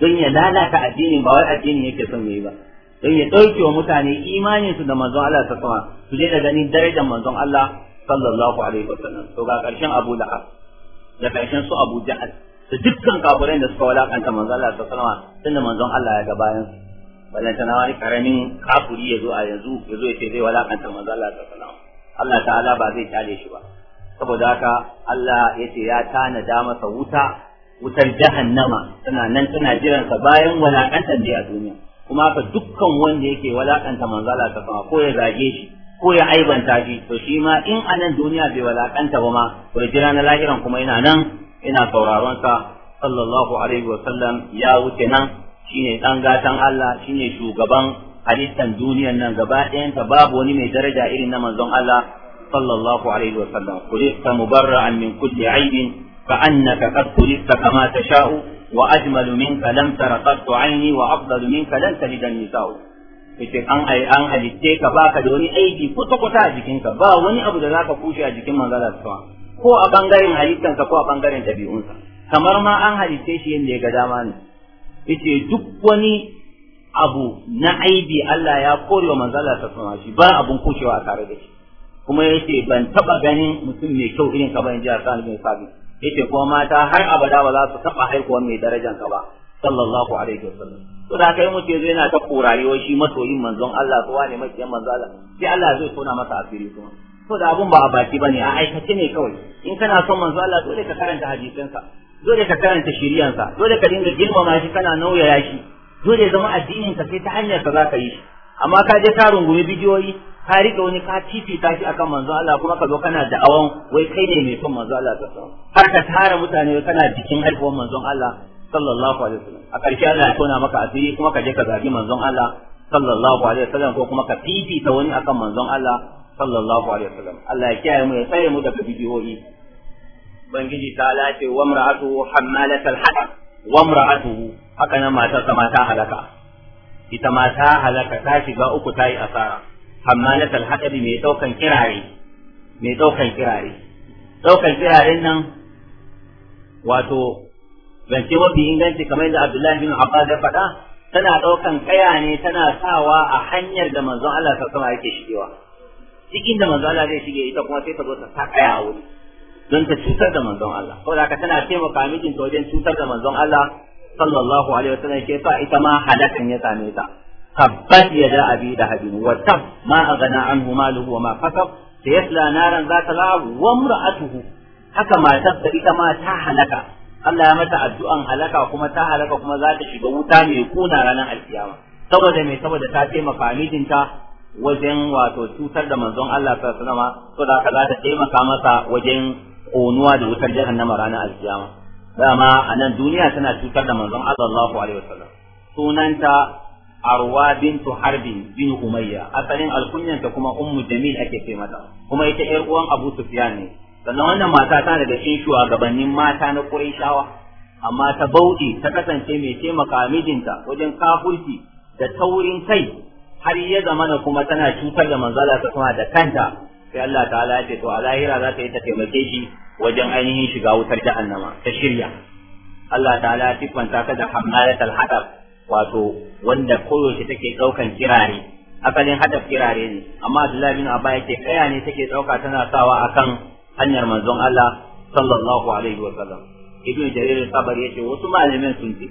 don ya lalata addini ba wai addini yake son yayi ba don ya dauke wa mutane imanin su da manzon Allah ta sama su je da ganin darajar manzon Allah sallallahu alaihi wa wasallam to ga karshen Abu Lahab da karshen su Abu Ja'al da dukkan kafirai da suka walakanta manzon Allah ta sama tunda manzon Allah ya ga bayan su balantana wani karamin kafuri ya zo a yanzu ya zo ya ce zai walakanta manzon Allah ta sama Allah ta'ala ba zai kyale shi ba saboda haka Allah ya ce ya tanada masa wuta wutar jahannama tana nan tana jiran sa bayan walakantar da a duniya kuma haka dukkan wanda yake walakanta manzala ta ko ya zage shi ko ya aibanta shi to shi ma in a nan duniya bai walakanta ba ma to jira na lahiran kuma yana nan ina sauraron sa sallallahu alaihi wa sallam ya wuce nan shine dan gatan Allah shine shugaban halittan duniyan nan gaba ɗayanta babu wani mai daraja irin na manzon Allah sallallahu alaihi wa sallam kulista mubarra'an min kulli aibin fa annaka qad kulista kama tasha'u wa ajmalu minka lam tara qattu aini wa afdalu minka lan talida nisa'u yace an ai an halitte ka baka da wani aiki kuta kuta a jikinka ba wani abu da zaka kushe a jikin manzon Allah ko a bangaren halittansa ko a bangaren dabi'unsa kamar ma an halitte shi yadda ya ga dama ne yace duk wani abu na aibi Allah ya kore wa Manzala ta sama shi ba abun kucewa a tare da shi kuma ce ban taba ganin mutum mai kyau irin ka ba in ji Hassan bin Ya ce kuma mata har abada ba za su taba haihuwa mai darajan ka ba sallallahu alaihi wasallam to da kai mutum zai yana ta korarewa shi masoyin manzon Allah to wane mai manzo Manzala. sai Allah zai tona masa asiri kuma to da abun ba a baki bane a aikace ne kawai in kana son manzon Allah dole ka karanta hadisansa dole ka karanta shiriyansa dole ka dinga girmama shi kana nauyaya shi dole zama addinin ka sai ta hanyar ka zaka yi shi amma ka je ka rungumi bidiyoyi ka rike wani ka fifita shi akan manzo Allah kuma ka zo kana da awon wai kai ne mai son manzo Allah har ka tara mutane wai kana jikin haifuwar manzon Allah sallallahu alaihi wasallam a ƙarshe Allah ya tona maka asiri kuma ka je ka zagi manzon Allah sallallahu alaihi wasallam ko kuma ka fifita wani akan manzon Allah sallallahu alaihi wasallam Allah ya kiyaye mu ya tsare mu daga bidiyoyi bangiji ta lace wa mar'atu hammalatul hatab wa imra'atuhu haka nan matar sa mata halaka ita mata halaka ta shiga uku tayi yi asara hammalat na hadabi mai daukan kirare mai daukan kirare daukan kiraren nan wato zance mafi inganci kamar da Abdullahi bin Abbas ya faɗa tana ɗaukan kaya ne tana sawa a hanyar da manzon Allah sallallahu yake shigewa cikin da manzon Allah zai shige ita kuma sai ta zo ta sa kaya a wuri don ta cutar da manzon Allah saboda haka tana taimaka mijin ta wajen cutar da manzon Allah sallallahu alaihi wasallam ke sa ita ma halakan ya same ta tabbat yada abi da hadin wa tab ma aghna anhu maluhu wa ma kasab sayasla naran zata la'ab wa imra'atuhu haka matar da ita ma ta halaka Allah ya mata addu'an halaka kuma ta halaka kuma za ta shiga wuta mai kuna ranar alkiyama saboda me saboda ta taimaka mijinta wajen wato cutar da manzon Allah sallallahu alaihi wasallam saboda haka za ta taimaka masa wajen konuwa da wutar jahannama ranar alkiyama dama a nan duniya tana cutar da manzon sallallahu alaihi wasallam sunanta arwa bintu harbin bin umayya asalin alkunyanta kuma ummu jamil ake ce mata kuma ita yar uwan abu sufyan ne sannan wannan mata ta daga cikin shugabannin mata na qurayshawa amma ta bauɗi ta kasance mai taimaka mijinta wajen kafurci da taurin kai har ya zamana kuma tana cutar da manzala ta kuma da kanta sai Allah ta'ala ya ce to a lahira za ta yi ta taimake shi wajen ainihin shiga wutar jahannama ta shirya Allah ta'ala ya siffanta ka da al hadab wato wanda koyaushe take daukan kirare asalin hadaf kirare ne amma Abdullahi bin Abba yake kaya ne take dauka tana sawa akan hanyar manzon Allah sallallahu alaihi wa sallam ibn jarir sabar yace wasu malamin sun ce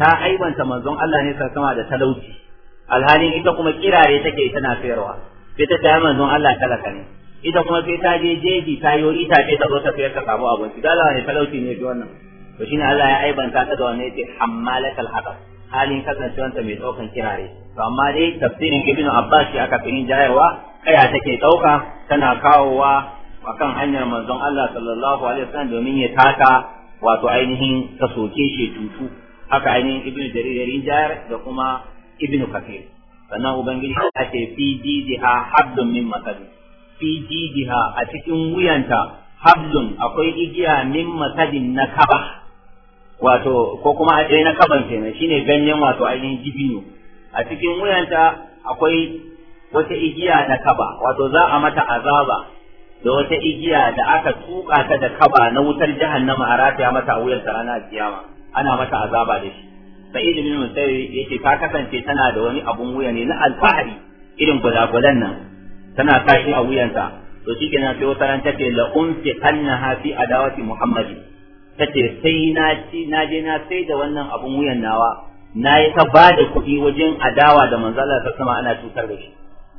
ta aibanta manzon Allah ne sarkama da talauci alhalin ita kuma kirare take tana sayarwa ita ta tayar manzon Allah talaka ne ita kuma sai ta je jeji ta yo ita ce ta zo ta sayar ta samu abinci dalawa ne talauci ne bi wannan to shine Allah ya aibanta ta da wannan yace hammalatul hatab halin kasancewanta mai daukan kirare to amma dai tafsirin ibnu abbas shi aka fi jayarwa kaya take dauka tana kawowa akan hanyar manzon Allah sallallahu alaihi wasallam domin ya taka wato ainihin ka soke shi tutu haka ainihin ibnu jarir rinjayar da kuma ibnu kafir sannan ubangiji ta ce fi jijiha habdun min masad fi jijiha a cikin wuyanta habdun akwai igiya min masadin na kaba wato ko kuma a na kaban kenan shine ganyen wato ainihin jibinu, a cikin wuyanta akwai wata igiya da kaba wato za a mata azaba da wata igiya da aka tuka ta da kaba na wutar jahannama a rataya mata a wuyanta ranar kiyama ana mata azaba da shi sa'id bin musayyib yace ta kasance tana da wani abun wuya ne na alfahari irin gwalagwalan nan tana tashi a wuyanta to kenan sai wata ran ta ce la unsi annaha fi adawati muhammadin tace sai na ci na je na sai da wannan abun wuyan nawa na yi ta ba da kuɗi wajen adawa da manzon Allah sama ana cutar da shi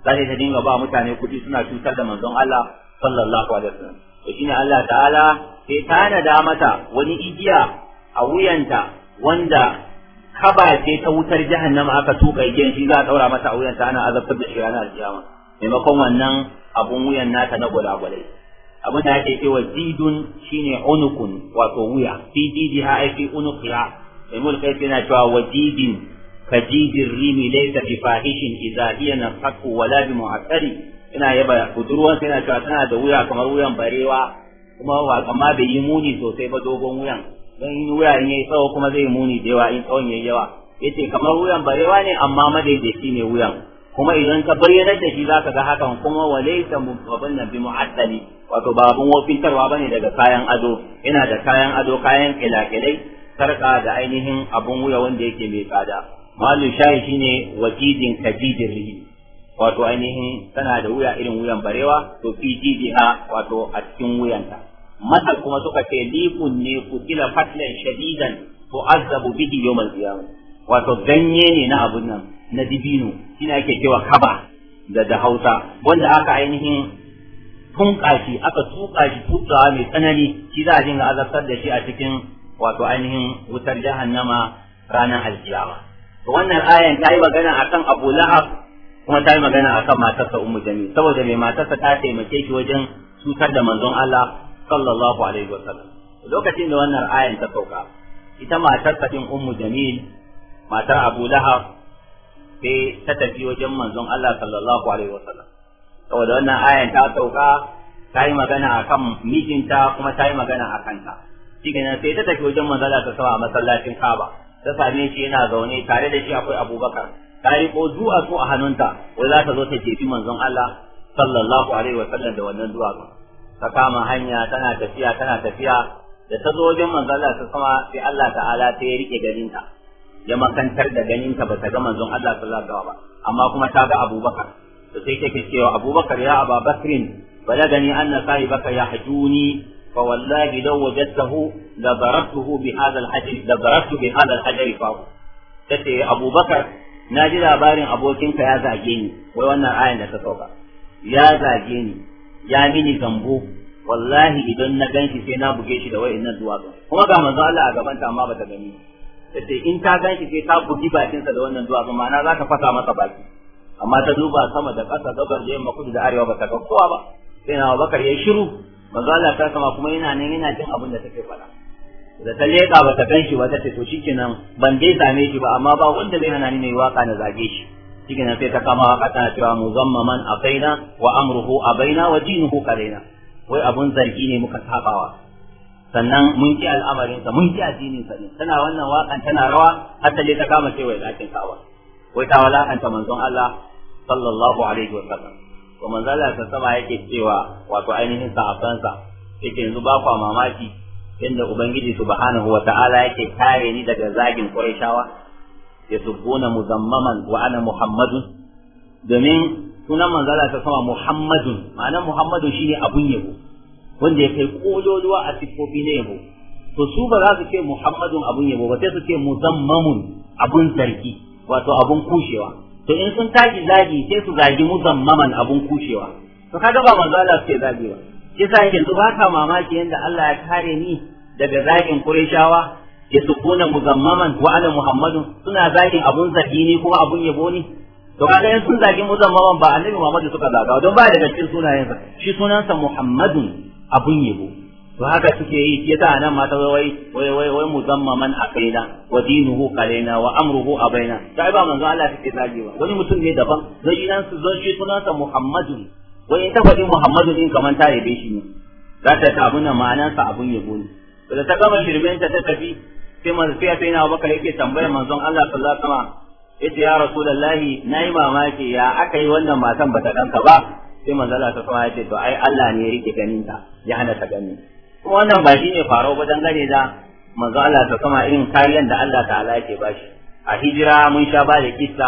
za ta dinga ba mutane kuɗi suna cutar da manzon Allah sallallahu alaihi wasallam to ne Allah ta'ala sai tana da mata wani igiya a wuyanta wanda kaba ce ta wutar jahannama aka tuka igiyan shi za a daura mata a wuyan ta ana azabtar da shi ranar alkiyama maimakon wannan abun wuyan nata na gwalagwale. abin da ake cewa jidun shine unukun wato wuya fi ha ai fi mai mulka yake yana cewa wajidin kajidin rimi laita bi fahishin idza hiya nafaqu wala bi mu'akkari ina yaba budurwan sai yana cewa tana da wuya kamar wuyan barewa kuma amma bai yi muni sosai ba dogon wuyan wuya in wuyan yayi tsawo kuma zai muni da yawa in tsawon yayi yawa yace kamar wuyan barewa ne amma madaidaici ne wuyan kuma idan ka bar bayyanar da shi zaka ga hakan kuma walaita mubabban bi mu'addali wato ba abun wofintarwa bane daga kayan ado ina da kayan ado kayan kilakilai sarka da ainihin abun wuya wanda yake mai tsada malu shayi shine wajidin kajidin rihi wato ainihin tana da wuya irin wuyan barewa to fi jidiha wato a cikin wuyanta mata kuma suka ce lifun ne kutila fatlan shadidan azabu bihi yawmal qiyamah wato ganye ne na abun nan na dibino shine ake cewa kaba da da Hausa wanda aka ainihin tunka shi aka tuka shi tutsawa mai tsanani shi za a dinga azabtar da shi a cikin wato ainihin wutar jahannama ranar alkiyama to wannan ayan ta yi magana akan Abu Lahab kuma ta yi magana akan matarsa Ummu Jamil saboda mai matarsa ta taimake shi wajen cutar da manzon Allah sallallahu alaihi wasallam lokacin da wannan ayan ta sauka ita matar tsadin ummu jamil matar abu lahab sai ta tafi wajen manzon Allah sallallahu alaihi wa sallam saboda wannan ayan ta sauka ta yi magana akan mijinta kuma ta yi magana akan ta shi sai ta tafi wajen manzon Allah ta sama a masallacin Kaaba ta same shi yana zaune tare da shi akwai abubakar ta yi ko zuwa su a hannunta wai za ta zo ta jefi manzon Allah sallallahu alaihi wa sallam da wannan duwatsun ta kama hanya tana tafiya tana tafiya da ta zo wajen manzon Allah ta sama sai Allah ta'ala ta yi rike ganinta ya makantar da ganinta ba ta ga manzon Allah sallallahu alaihi ba amma kuma ta ga Abubakar to sai take cewa Abubakar ya Aba Bakrin balagani anna sahibaka yahjuni fa wallahi law wajadtahu la darabtuhu bi hadha al-hajr la darabtu bi hadha al-hajr fa tace Abubakar na ji labarin abokinka ya zage ni wai wannan ayan da ta sauka ya zage ni ya mini gambo wallahi idan na ganki sai na buge shi da wa'annan duwatsu kuma ga manzo Allah a gaban ta amma bata gani sai in ta ganki sai ta bugi bakin sa da wannan duwatsu ma'ana zaka fasa masa baki amma ta duba sama da ƙasa gabar da yamma kudu da arewa bata ga kowa ba sai na Abubakar yayi shiru manzo Allah ta sama kuma yana nan yana jin abin da take faɗa da ta leƙa bata ganshi ba ta ce to shikenan ban dai same shi ba amma ba wanda bai hana ni mai waka na zage shi shi kenan sai ta kama haka tana cewa muzammaman abaina wa amruhu abaina wa dinuhu kalaina wai abun zargi ne muka sabawa sannan mun ki al'amarin sa mun ki addinin sa tana wannan wakan tana rawa asali ta kama cewa lakin kawa wai ta walakanta manzon Allah sallallahu alaihi wa sallam to manzon Allah sama yake cewa wato ainihin sahabbansa yake yanzu ba kwa mamaki inda ubangiji subhanahu wa ta'ala yake kare ni daga zagin qurayshawa yasubbuna muzammaman wa ana muhammadun domin sunan manzala ta sama muhammadun ma'ana muhammadun shine abun yabo wanda ya kai kololuwa a siffofi na yabo to su ba za su ce muhammadun abun yabo ba sai su ce muzammamun abun sarki wato abun kushewa to in sun tashi zagi sai su zagi muzammaman abun kushewa to kaga ba manzala su ce ba kisa mamaki Allah ya kare ni daga zagin Qurayshawa yasukuna muzammaman wa ana muhammadu suna zagin abun zargi ne kuma abun yabo ne to kaga in sun zagi muzammaman ba annabi muhammadu suka zaga don ba daga cikin sa shi sunansa muhammadun abun yabo to haka suke yi ke ta nan mata wai wai wai wai muzammaman a kaina wa dinuhu kalaina wa amruhu a baina sai ba manzo Allah take zagewa wani mutum ne daban zai yi nan su zan shi sunansa muhammadun wai in ta faɗi muhammadun din kamar ta yabe shi ne za ta ta abun nan abun yabo ne da ta gama shirmen ta tafi sai manzo sai sai na Abubakar yake tambayar manzon Allah sallallahu alaihi wasallam yace ya rasulullahi nayi mamaki ya aka yi wannan matan bata danka ba sai manzo Allah sallallahu alaihi wasallam ya ce to ai Allah ne ya rike ganin ta ya hana ta gani kuma wannan ba shine faro ba gane da manzo Allah ta sama irin kariyan da Allah ta'ala yake bashi a hijira mun sha ba da kissa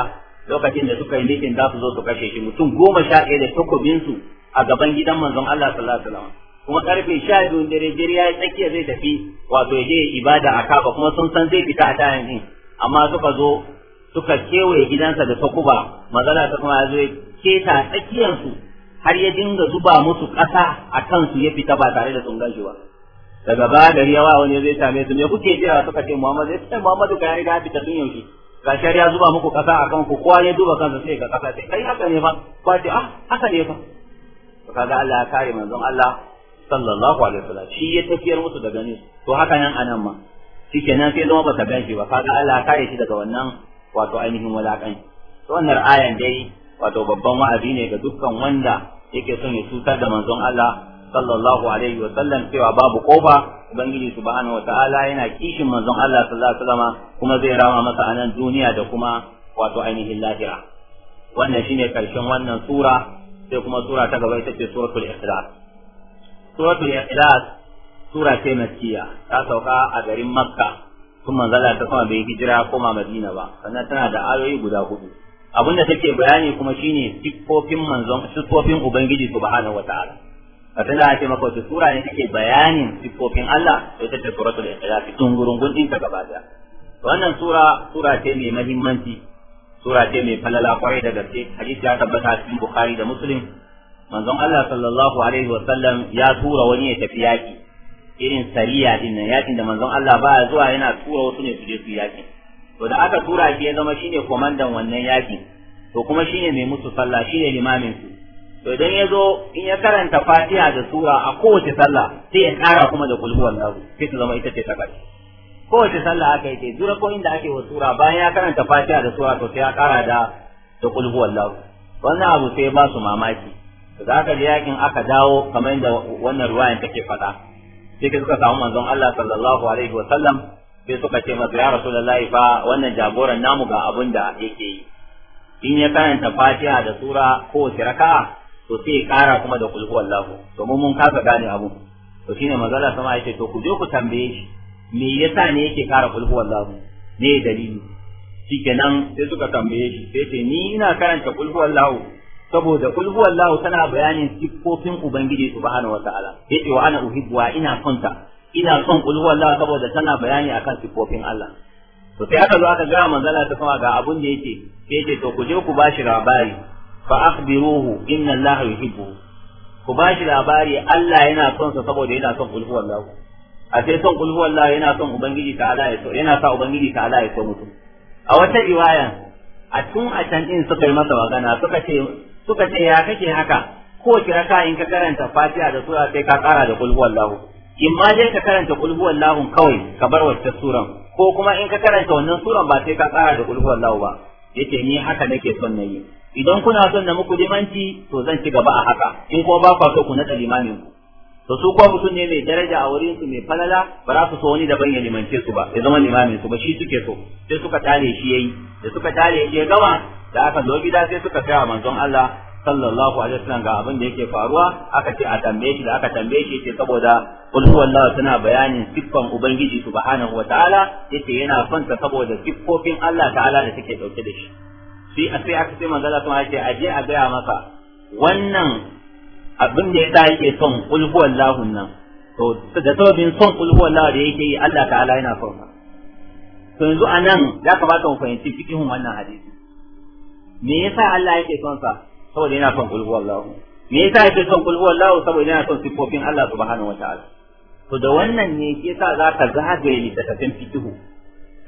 lokacin da suka yi nufin za su zo su kashe shi mutum goma sha ɗaya da takobinsu a gaban gidan manzon Allah sallallahu alaihi wasallam kuma karfe sha biyu dare dare ya tsakiya zai tafi wato je ibada a kafa kuma sun san zai fita a tayan din amma suka zo suka kewaye gidansa da ta kuba mazala ta kuma ya zo ya keta tsakiyarsu har ya dinga zuba musu ƙasa a kansu ya fita ba tare da sun gashi ba daga ba gari yawa wani zai same su me kuke jira suka ce Muhammad ya ce Muhammad ka ya da fita sun yaushe gashar ya zuba muku ƙasa a kanku kowa ya duba kansa sai ga ƙasa sai kai haka ne fa ba ce ah haka ne fa kaga Allah ya kare manzon Allah sallallahu alaihi wasallam shi ya tafiyar musu da ganin to haka nan anan ma shikenan sai zama baka ganshi ba kaga Allah kare shi daga wannan wato ainihin walakan to wannan ayan dai wato babban wa'azi ne ga dukkan wanda yake son ya cutar da manzon Allah sallallahu alaihi wasallam cewa babu kofa ubangiji subhanahu wataala yana kishin manzon Allah sallallahu alaihi wasallam kuma zai rama masa anan duniya da kuma wato ainihin lahira wannan shine karshen wannan sura sai kuma sura ta gaba ita ce suratul ikhlas suratul ikhlas sura ce makkiya ta sauka a garin makka kuma manzala ta kuma bai hijira koma madina ba sannan tana da ayoyi guda hudu abinda take bayani kuma shine siffofin manzon siffofin ubangiji subhanahu wataala a tana ake maka wata sura ne take bayanin siffofin Allah sai ta suratul ikhlas gurin din ta gaba daya wannan sura sura ce mai muhimmanci sura ce mai falala kwarai da gaske hadisi ya tabbata cikin bukhari da muslim manzon Allah sallallahu alaihi wa sallam ya tura wani ya tafi yaki irin sariya din nan yakin da manzon Allah baya zuwa yana tura wasu ne su je su yaki to da aka tura shi ya zama shine komandan wannan yaki to kuma shine mai musu sallah shine limamin su to idan ya zo in ya karanta Fatiha da sura a kowace sallah sai ya kara kuma da kulhu wallahu sai ta zama ita ce ta ƙarshe kowace sallah aka yi ce dura ko inda ake wa sura bayan ya karanta Fatiha da sura to sai ya kara da da kulhu wallahu wannan abu sai ba su mamaki Za ka je yakin aka dawo kamar yadda wannan ruwayan take faɗa sai ka suka samu manzon Allah sallallahu alaihi wa sallam sai suka ce masa ya rasulullahi fa wannan jagoran namu ga abin da yake yi in ya karanta fatiha da sura ko raka'a to sai kara kuma da kulhu wallahu To mun kasa gane abu to shine manzala sama yake to ku je ku tambaye shi me yasa ne yake kara kulhu wallahu ne dalili shikenan sai suka tambaye shi sai ce ni ina karanta kulhu wallahu saboda kul huwallahu tana bayanin siffofin ubangiji subhanahu wataala yace wa ana uhibbuwa ina son ina son kul huwallahu saboda tana bayani akan siffofin Allah to sai aka zo aka ga manzala ta kuma ga abun da yake sai yace to ku je ku bashi labari fa akhbiruhu inna Allah yuhibbu ku bashi labari Allah yana son sa saboda yana son kul huwallahu a sai son kul huwallahu yana son ubangiji ta'ala ya so yana sa ubangiji ta'ala ya so mutum a wata riwaya a tun a can din suka yi masa magana suka ce suka ce ya kake haka ko kira ka in ka karanta fatiha da sura sai ka kara da kulhu wallahu in ma dai ka karanta kulhu wallahu kawai ka bar wata suran ko kuma in ka karanta wannan suran ba sai ka kara da kulhu wallahu ba yace ni haka nake son nayi idan kuna son na muku limanci to zan ci gaba a haka in kuma ba ku so ku na limamin ku to su kuwa mutum ne mai daraja a wurin su mai falala ba za su so wani daban ya limance su ba ya zama limamin su ba shi suke so sai suka tare shi yayi da suka tare shi ya gama da aka zo gida sai suka kai manzon Allah sallallahu alaihi wasallam ga abin da yake faruwa aka ce a tambaye shi da aka tambaye shi ce saboda qul huwallahu tana bayanin siffan ubangiji subhanahu wataala yace yana son ta saboda siffofin Allah ta'ala da take dauke da shi sai a sai aka ce manzon Allah ya ce aje a gaya maka wannan abin da ya sa yake son kulhu lahun nan to da sababin son kulhu lahun da yake yi Allah ta'ala yana son sa to yanzu anan ya kamata mu fahimci fikihun wannan hadisi me yasa Allah yake son sa saboda yana son kulhu lahun me yasa yake son kulhu lahun saboda yana son sifofin Allah subhanahu wataala to da wannan ne ke sa za ka zagaye littattafin fitihu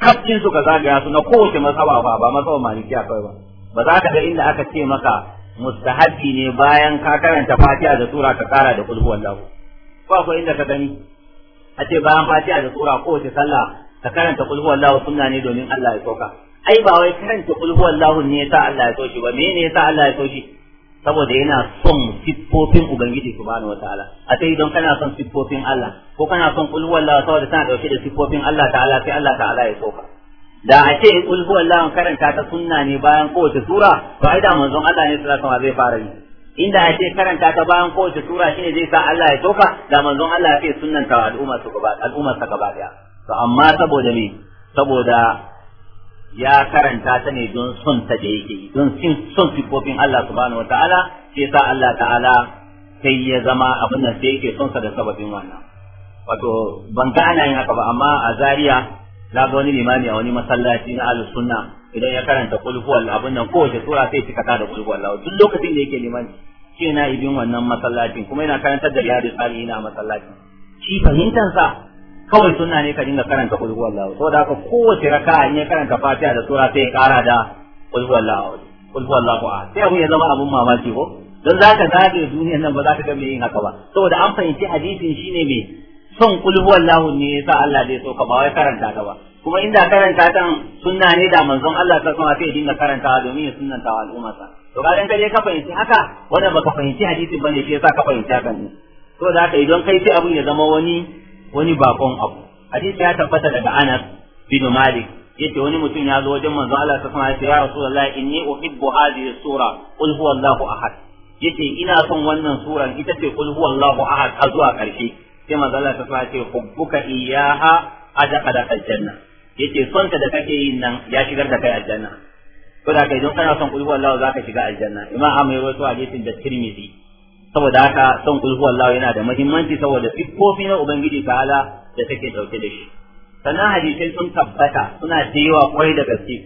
kafin su ka zagaya su na kowace masaba ba ba masaba malikiya kawai ba ba za ka ga inda aka ce maka mustahabbi ne bayan ka karanta fatiha da sura ka kara da kulhu wallahu ko akwai inda ka gani a ce bayan fatiha da sura ko kowace sallah ka karanta kulhu wallahu sunna ne domin Allah ya soka ai ba wai karanta kulhu wallahu ne sa Allah ya so shi ba me ne Allah ya so saboda yana son siffofin ubangiji subhanahu wataala a sai don kana son siffofin Allah ko kana son kulhu wallahu saboda tana dauke da siffofin Allah ta'ala sai Allah ta'ala ya soka da a ce kul huwa Allah karanta ta sunna ne bayan kowace sura to ai da manzon Allah ne sallallahu alaihi wasallam zai fara yi inda a ce karanta ta bayan kowace sura shine zai sa Allah ya tofa da manzon Allah ya fi sunnan ta al'umma su gaba al'umma ta gaba daya to amma saboda me saboda ya karanta ta ne don son ta da yake don son sifofin Allah subhanahu wataala sai sa Allah ta'ala sai ya zama abin da yake son sa da sababin wannan wato ban ana yin haka ba amma a Zariya. za ga wani limami a wani masallaci na ahlus sunna idan ya karanta qul huwal abun nan kowace sura sai cika ta da qul huwallahu duk lokacin da yake limami shi na ibin wannan masallacin kuma yana karantar da riyadu salihin na masallacin shi fahimtar sa kawai sunna ne ka dinga karanta qul huwallahu saboda haka kowace raka'a in ya karanta fatiha da sura sai ya kara da qul huwallahu qul sai abun ya zama abun mamaki ko don zaka zage duniyar nan ba za ka ga me yin haka ba saboda an fahimci hadisin shine me son kul huwallahu ne yasa Allah zai so ka ba wai karanta ka ba kuma inda karanta ta sunna ne da manzon Allah ta kuma sai dinga karanta domin ya sunnanta wa al'umma sa to ga dan kaje ka fahimci haka wanda baka fahimci hadisin bane shi yasa ka fahimci haka ne to da haka idan kai sai abun ya zama wani wani bakon abu hadisi ya tabbata daga Anas bin Malik yace wani mutum ya zo wajen manzon Allah ta kuma ya ce ya rasulullahi inni uhibbu hadhihi sura qul huwallahu ahad yace ina son wannan suran ita ce qul huwallahu ahad har zuwa karshe sai Mazalla ta ta fara ce hubbuka iyyaha adqala aljanna yace son ka da kake yin nan ya shigar da kai aljanna ko da kai don kana son kulhu Allah za ka shiga aljanna imam amir wato hadisin da tirmidhi saboda haka son kulhu Allah yana da muhimmanci saboda kofi na ubangiji ta'ala da take dauke da shi sannan hadisai sun tabbata suna da yawa kwai da gaske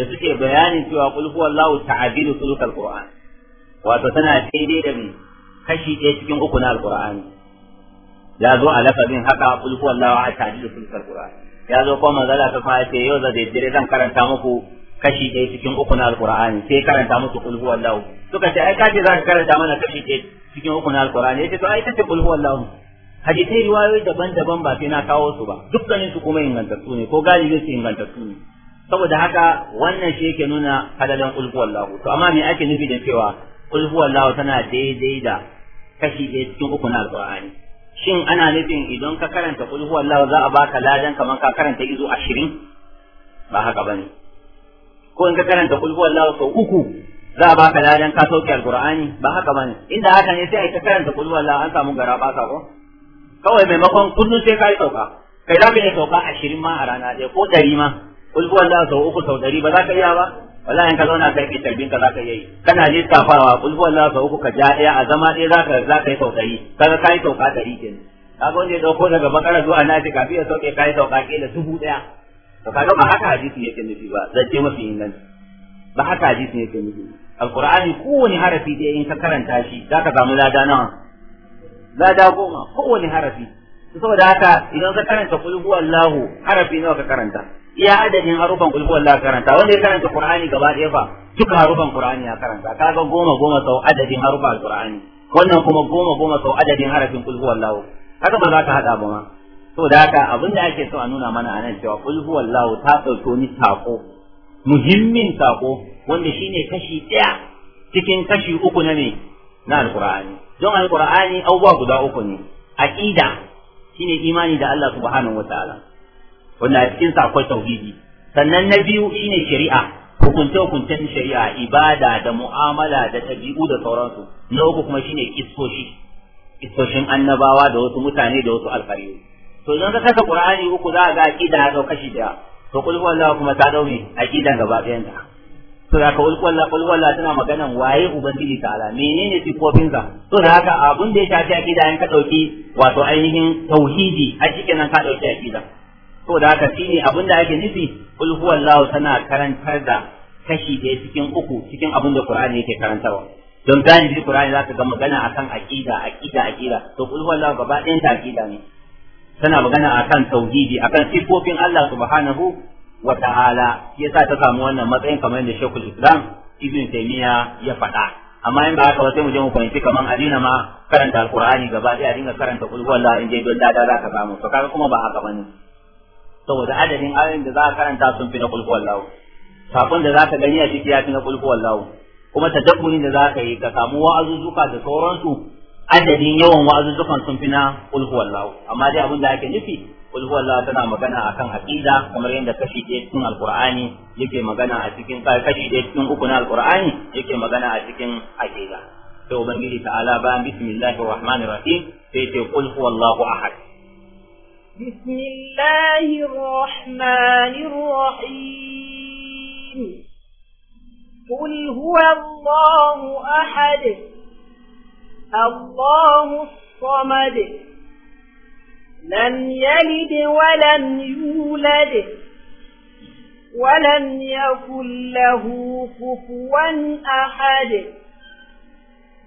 da suke bayanin cewa kulhu Allah ta'adilu sulukal qur'an wato tana daidai da kashi ɗaya cikin uku na alqur'ani ya zo a lafazin haka Allah wa ta'ala da sulkul qur'an ya zo ko manzo Allah fa ce yau da dare zan karanta muku kashi ɗaya cikin uku na alqur'ani sai karanta muku kul huwallahu suka ce ai kace za ka karanta mana kashi ɗaya cikin uku na alqur'ani yace to ai kace kul huwallahu hadisai riwayoyi daban-daban ba sai na kawo su ba dukkanin su kuma ingantattu ne ko galibin su ingantattu ne saboda haka wannan shi yake nuna halalan kul huwallahu to amma me ake nufi da cewa kul huwallahu tana daidai da kashi ɗaya cikin uku na alqur'ani shin ana nufin idan ka karanta kul huwallahu za a baka ladan kaman ka karanta izo ashirin? ba haka ba ne. ko in ka karanta kul huwallahu sau uku za a baka ladan ka sauke alqur'ani ba haka ba ne. inda haka ne sai a ka karanta kul huwallahu an samu gara ba ko kawai maimakon kullun sai ka yi sauka kai za ka iya sauka ashirin ma a rana ɗaya ko dari ma kul huwallahu sau uku sau dari ba za ka iya ba wallahi in ka zauna kai ki tarbin ka zaka yi kana lissafawa kul wallahi ka uku ka ja daya a zama daya zaka zaka yi sauƙari kaga kai sauka ta yi kenan ga wanda ya dauko daga bakara zuwa nafi kafi ya sauke kai sauka da dubu daya to kaga ba haka hadisi yake nufi ba zance mafi inganci ba haka hadisi yake nufi alqur'ani kowane harafi da in ka karanta shi zaka samu lada nawa lada goma kowane harafi saboda haka idan ka karanta kul huwallahu harafi nawa ka karanta iya adadin harufan kulhu wallahi karanta wanda ya karanta qur'ani gaba ɗaya fa duka harufan qur'ani ya karanta kaga goma goma sau adadin harufan qur'ani wannan kuma goma goma sau adadin harafin kulhu wallahi haka ba za ka hada ba ma to da haka abin da ake so a nuna mana anan cewa kulhu wallahi ta dauko ni sako muhimmin sako wanda shine kashi ɗaya cikin kashi uku na ne na alqur'ani don alqur'ani abubuwa guda uku ne aqida shine imani da Allah subhanahu wataala wanda a cikin akwai tauhidi sannan na biyu shine shari'a hukunce hukuncen shari'a ibada da mu'amala da tabi'u da sauransu na uku kuma shine kistoshi kistoshin annabawa da wasu mutane da wasu alfariyu to idan ka kasa qur'ani uku za ga aqida ga kashi daya to kul wallahu kuma ta daure aqidan gaba ɗayan ta to da ka kul wallahu kul wallahu tana maganan waye ubangiji ta'ala menene sifofin sa to da haka abin da ya shafi aqida in ka dauki wato ainihin tauhidi a cikin nan ka dauki aqida to da haka shine abin da ake nufi kul huwallahu tana karantar da kashi da cikin uku cikin abin da Qur'ani yake karantarwa don gani shi Qur'ani zaka ga magana akan aqida aqida aqida to kul huwallahu gaba ɗayan ta aqida ne tana magana akan tauhidi akan sifofin Allah subhanahu wa ta'ala yasa ta samu wannan matsayin kamar da Sheikhul Islam Ibn Taymiyyah ya faɗa amma in ba haka ba sai mu je mu fahimci kaman adina ma karanta alqur'ani gaba sai a dinga karanta kul huwallahu in dai don da za ka samu to kaga kuma ba haka bane saboda adadin ayoyin da za karanta sun fi na kulku wallahu sakon da za ka gani a ciki ya fi na kulku wallahu kuma tadabburin da za ka yi ka samu wa'azuzzuka da sauransu adadin yawan wa'azuzzukan sun fi na kulku wallahu amma dai abin da ake nufi kulku wallahu tana magana akan aqida kamar yadda kashi ɗaya cikin alqur'ani yake magana a cikin kashi ɗaya cikin uku na alkur'ani yake magana a cikin aqida sai ubangiji ta'ala bayan bismillahir rahmanir rahim sai ce kul huwallahu ahad بسم الله الرحمن الرحيم قل هو الله أحد الله الصمد لم يلد ولم يولد ولم يكن له كفوا أحد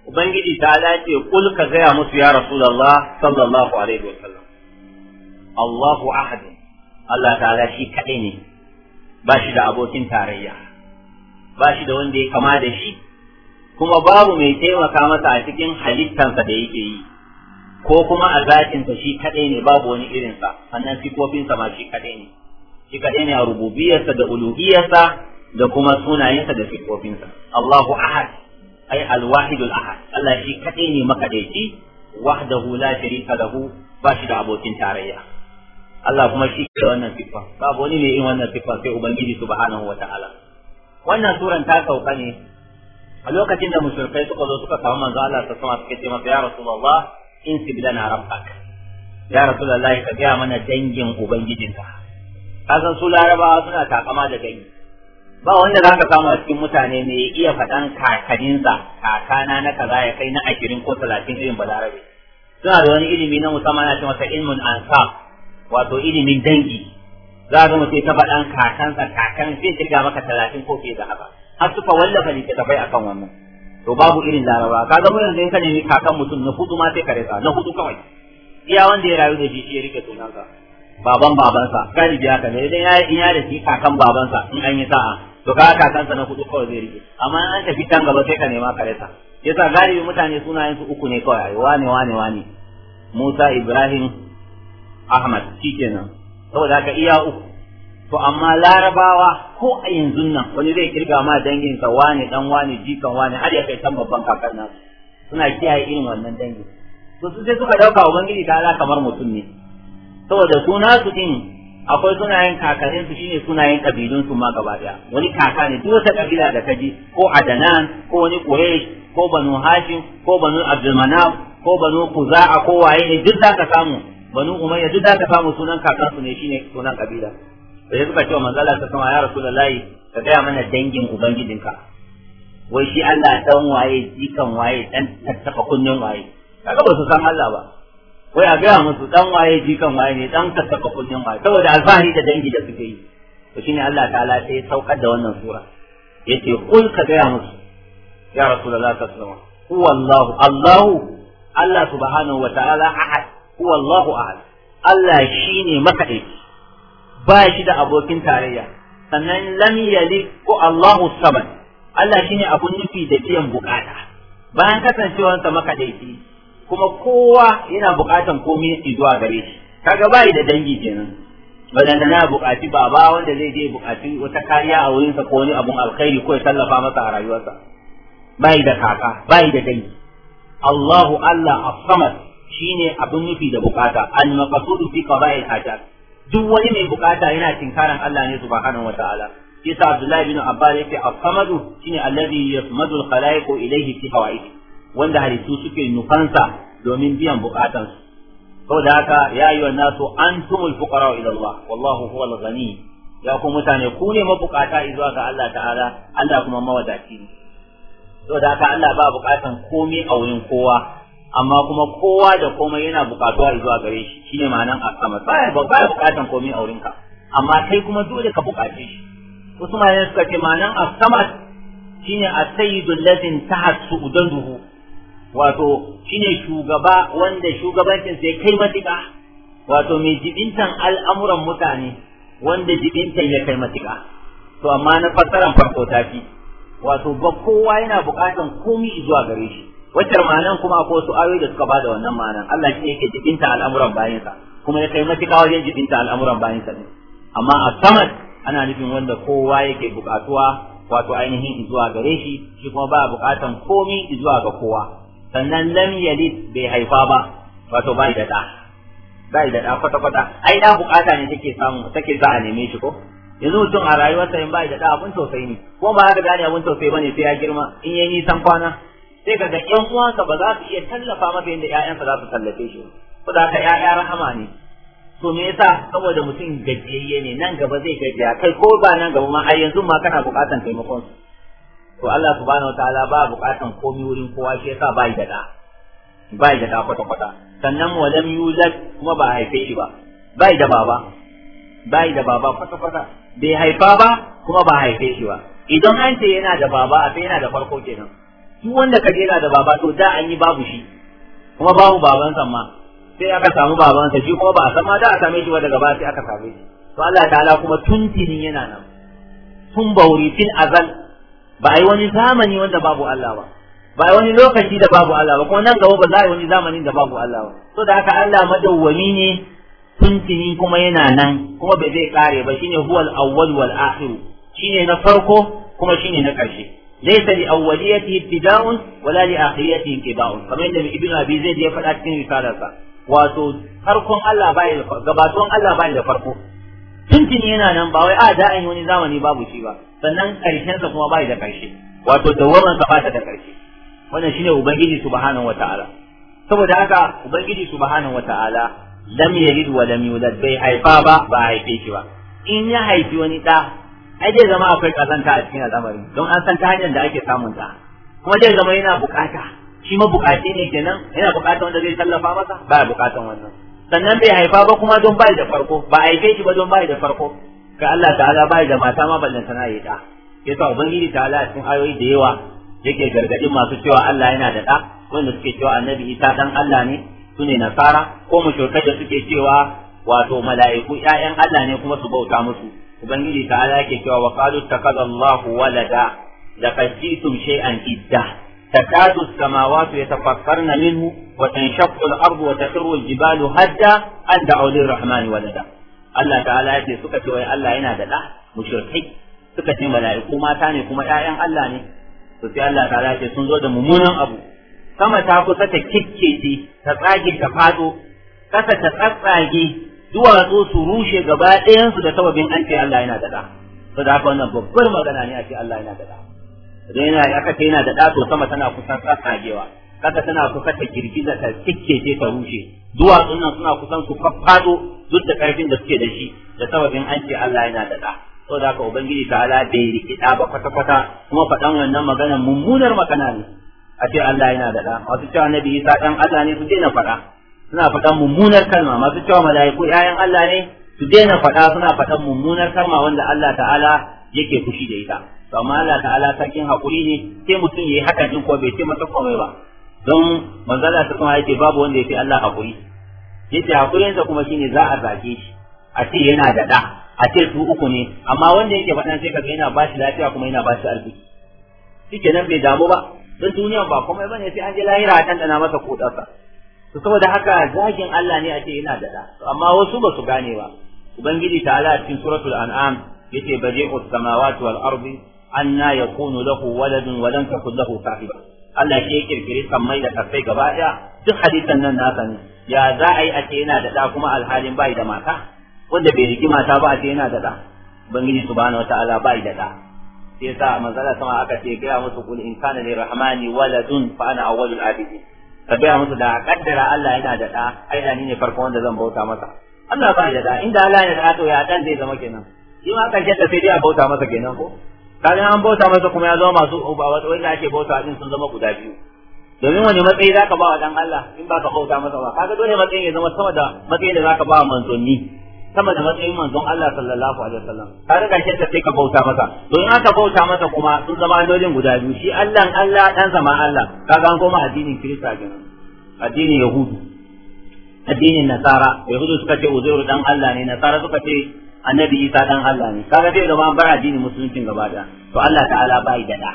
وبنجي تعالى dace kul ka gaya musu الله Rasulullah sallallahu alaihi Allahu ahad Allah ta'ala shi kaɗai ne ba shi da abokin tarayya ba shi da wanda ya kama da shi kuma babu mai taimaka masa a cikin halittansa da yake yi ko kuma a zatinsa shi kaɗai ne babu wani irinsa sannan sifofinsa ma shi kaɗai ne shi kaɗai ne a rububiyarsa da uluhiyarsa da kuma sunayensa da sifofinsa Allahu ahad ai alwahidu ahad Allah shi kaɗai ne makaɗaici wahdahu la sharika lahu ba shi da abokin tarayya Allah kuma shi ke wannan siffa babu wani mai yin wannan siffa sai ubangiji subhanahu wataala wannan suran ta sauka ne a lokacin da musulmai suka zo suka samu manzo Allah ta sama suka ce masa ya rasulullah in sibilana rabbak ya rasulullah ka ga mana dangin ubangijinka ka san su larabawa suna takama da gani. ba wanda zaka samu a cikin mutane ne ya iya faɗan kakaninsa kakana na kaza ya kai na ashirin ko talatin irin balarabe suna da wani ilimi na musamman ya ce masa ilmun ansab wato ilimin dangi za ga mutum ta faɗan kakansa kakan zai kirga maka talatin ko fiye da haka har suka wallafa littattafai akan wannan to babu irin laraba ka ga mun yanzu ka nemi kakan mutum na hudu ma sai ka rika na hudu kawai iya wanda ya rayu da shi shi ya rike sunansa baban babansa biya ka ne idan ya iya da shi kakan babansa in an yi sa'a to ka kakansa na hudu kawai zai rike amma an tafi can gaba sai ka nema ka rika yasa galibi mutane sunayen su uku ne kawai wane wane wane Musa Ibrahim Ahmad shikenan saboda haka iya uku to amma larabawa ko a yanzu nan wani zai kirga ma danginsa wani dan wani jikan wani har ya kai san babban kakar nan suna kiyaye irin wannan dangin to su sai suka dauka ubangiji ta ala kamar mutum ne saboda suna su din akwai sunayen kakarin su shine sunayen kabilun su ma gaba daya wani kaka ne duk wata kabila da kaji ko adanan ko wani quraish ko banu hashim ko banu abdulmanaf ko banu kuza'a ko waye ne duk zaka samu banu umayya duk da ka samu sunan kakansu ne shine sunan kabila sai suka ce wa manzo Allah sallallahu ya rasulullahi ka gaya mana dangin ubangijinka wai shi Allah dan waye jikan waye dan tattaka kunnin waye kaga ba su san Allah ba wai a gaya musu dan waye jikan waye ne dan tattaka kunnin waye saboda alfahari da dangi da suke yi to shine Allah ta'ala sai ya saukar da wannan sura yace kul ka gaya musu ya rasulullahi sallallahu alaihi wasallam huwa Allah Allah Allah subhanahu wa ta'ala ahad wallahu a'ad Allah shine makaɗaici ba shi da abokin tarayya sannan lam ko Allahu samad Allah shine abun nufi da biyan bukata bayan kasancewarsa makaɗaici kuma kowa yana bukatan komai zuwa gare shi kaga bai da dangi kenan wadanda na bukaci baba wanda zai je bukaci wata kariya a wurinsa ko wani abun alkhairi ko ya tallafa masa a rayuwarsa bai da kaka bai da dangi Allahu Allah a shine abin nufi da bukata al maqsudu fi qada'il hajat duk wani mai bukata yana tinkaran Allah ne subhanahu wataala yasa Abdullahi bin Abbas yake as-samadu shine Alladhi yasmadu al-khalaiqu ilayhi fi hawa'ihi wanda halittu suke nufansa domin biyan bukatansu saboda haka ya yi wa nasu antumul fuqara ila Allah wallahu huwal ghani ya ku mutane ku ne mabukata zuwa ga Allah ta'ala Allah kuma mawadaci ne saboda haka Allah ba bukatan komai a wurin kowa amma kuma kowa da komai yana bukatuwa zuwa gare shi shine ma'anan a asama baya baya bukatan komai a wurinka amma kai kuma dole ka bukace shi wasu ma'anan suka ce ma'anan a a shine as-sayyidu allazi tahassu duhu, wato shine shugaba wanda shugabancin sai kai matuka, wato mai jibintan al'amuran mutane wanda jibintan ya kai matuka. to amma na fassaran farko ta fi wato ba kowa yana bukatan komai zuwa gare shi waccar ma'anan kuma ko su ayoyi da suka bada wannan ma'anan Allah shi yake jibinta al'amuran bayansa kuma ya kai matuƙa wajen jibinta al'amuran bayansa ne amma a saman ana nufin wanda kowa yake buƙatuwa wato ainihin zuwa gare shi shi kuma ba buƙatan komi zuwa ga kowa sannan lam yalid bai haifa ba wato bai da da bai da da kwata kwata ai da buƙata ne take samu take za a neme shi ko yanzu mutum a rayuwarsa in bai da da abun tausayi ne kuma ba haka gane abun tausayi bane sai ya girma in yayi nisan kwana sai ga ƴan uwanka ba za su iya tallafa maka yadda ƴaƴansa za su tallafe shi ko da ka ƴaƴa rahama ne to me yasa saboda mutum gajiyayye ne nan gaba zai gajiya kai ko ba nan gaba ma a yanzu ma kana buƙatan taimakon su to Allah subhanahu wataala ba buƙatan komai wurin kowa shi yasa ba da ba bai kwata kwata sannan lam yulad kuma ba haife shi ba bai da baba bai da baba kwata kwata bai haifa ba kuma ba haife shi ba idan an ce yana da baba a yana da farko kenan duk wanda ka yana da baba to da an yi babu shi kuma babu sa ma sai aka samu baban sa, shi kuma ba a sama da a same shi ba daga baya sai aka same shi to Allah ta'ala kuma tun tinin yana nan tun bauri tun azal ba ai yi wani zamani wanda babu Allah ba ba ai yi wani lokaci da babu Allah ba kuma nan gaba ba za a yi wani zamanin da babu Allah ba to da haka Allah madawwami ne tinin kuma yana nan kuma ba zai kare ba shine huwal awwal wal akhir shine na farko kuma shine na ƙarshe ليس لأوليته ابتداء ولا لآخريته انقضاء كما إن ابن أبي زيد يفعل أكثر رسالة واتو فرق الله باي غباتون الله باي لفرق tuntuni yana nan ba wai a da'in wani zamani babu shi ba sannan karshen sa kuma bai da karshe wato dawaman sa bata da karshe wannan shine ubangiji subhanahu wataala saboda haka ubangiji subhanahu wataala lam yalid wa lam yulad bai haifa ba ba haife shi ba in ya haifi wani ɗa. ai zai zama akwai kazanta a cikin al'amarin don an san ta hanyar da ake samun ta kuma zai zama yana bukata shi ma bukaci ne kenan yana bukatan wanda zai tallafa masa ba ya bukatan wannan sannan bai haifa ba kuma don bai da farko ba haife shi ba don bai da farko Ka Allah ta'ala bai da mata ma ballan sana yi da ban ubangiji ta'ala a cikin ayoyi da yawa yake gargadin masu cewa Allah yana da da wanda suke cewa annabi Isa dan Allah ne su ne nasara ko mushrikai da suke cewa wato mala'iku ƴaƴan Allah ne kuma su bauta musu ubangiji ta ala yake cewa wa qalu takaza walada laqad jitum shay'an idda takadu as-samawati yatafakkarna minhu wa tanshaqqu al-ardu wa takhirru al-jibalu hadda an da'u lir-rahmani walada Allah ta'ala yake suka ce wai Allah yana da da mushrikai suka ce mala'iku mata ne kuma ƴaƴan Allah ne to sai Allah ta'ala yake sun zo da mummunan abu sama ta kusa ta kikkece ta tsage ta fado kasa ta tsatsage duwatsu su rushe gaba ɗayansu da sababin an ce Allah yana da ɗa to da wannan babbar magana ne a ce Allah yana da ɗa idan yana aka ce yana da to sama tana kusan tsagewa kasa tana kusa ta girgiza ta ce ta rushe Duwatsu nan suna kusan su faffaɗo duk da ƙarfin da suke da shi da sababin an ce Allah yana da ɗa da haka ubangiji ta ala bai rikida ba kwata kwata kuma faɗan wannan maganar mummunar magana ne a ce Allah yana da wasu cewa nabi Isa ɗan Allah ne su daina faɗa suna faɗan mummunar kalma masu cewa mala'iku ƴaƴan Allah ne su daina faɗa suna faɗan mummunar kalma wanda Allah ta'ala yake fushi da ita to amma Allah ta'ala sarkin hakuri ne sai mutum yayi hakan din ko bai ce masa komai ba don manzala ta kuma yake babu wanda yake Allah hakuri yake hakurin sa kuma shine za a zage shi a ce yana da da a ce su uku ne amma wanda yake faɗan sai kaga yana bashi lafiya kuma yana bashi arziki shikenan bai damu ba don duniya ba komai bane sai an je lahira a tantana masa kodarsa to saboda haka zagin Allah ne ake yana da da amma wasu ba su gane ba ubangiji ta'ala cikin suratul an'am yace badi'us samawati wal ardi anna yakunu lahu waladun wa lam takun lahu sahiba Allah ya kirkiri sammai da kafai gaba daya duk hadisan nan na sani. ya za a yi a yana da da kuma alhalin bai da mata wanda bai riki mata ba a ce yana da da ubangiji subhanahu wataala bai da da sai yasa manzala sama aka ce gaya musu kul in kana lirahmani waladun fa ana awwalul abidin ka gaya musu da kaddara Allah yana da ɗa ai da ni ne farko wanda zan bauta masa Allah ba da ɗa inda Allah ya da to ya dan zai zama kenan shi ma kan da sai dai a bauta masa kenan ko kaga an bauta masa kuma ya zama masu uba wanda ake bauta din sun zama guda biyu domin wani matsayi zaka ba wa dan Allah in ba baka bauta masa ba kaga dole matsayin ya zama sama da matsayin da zaka ba wa manzonni sama da matsayin manzon Allah sallallahu alaihi wasallam ka riga shi ta sai ka bauta masa to in aka bauta masa kuma sun zama allolin guda biyu shi Allah Allah dan zama Allah kaga an koma addinin Kirista kenan addinin Yahudu addinin Nasara Yahudu suka ce Uzairu dan Allah ne Nasara suka ce Annabi Isa dan Allah ne kaga sai zama bar addinin musuluncin gaba daya to Allah ta'ala bai da da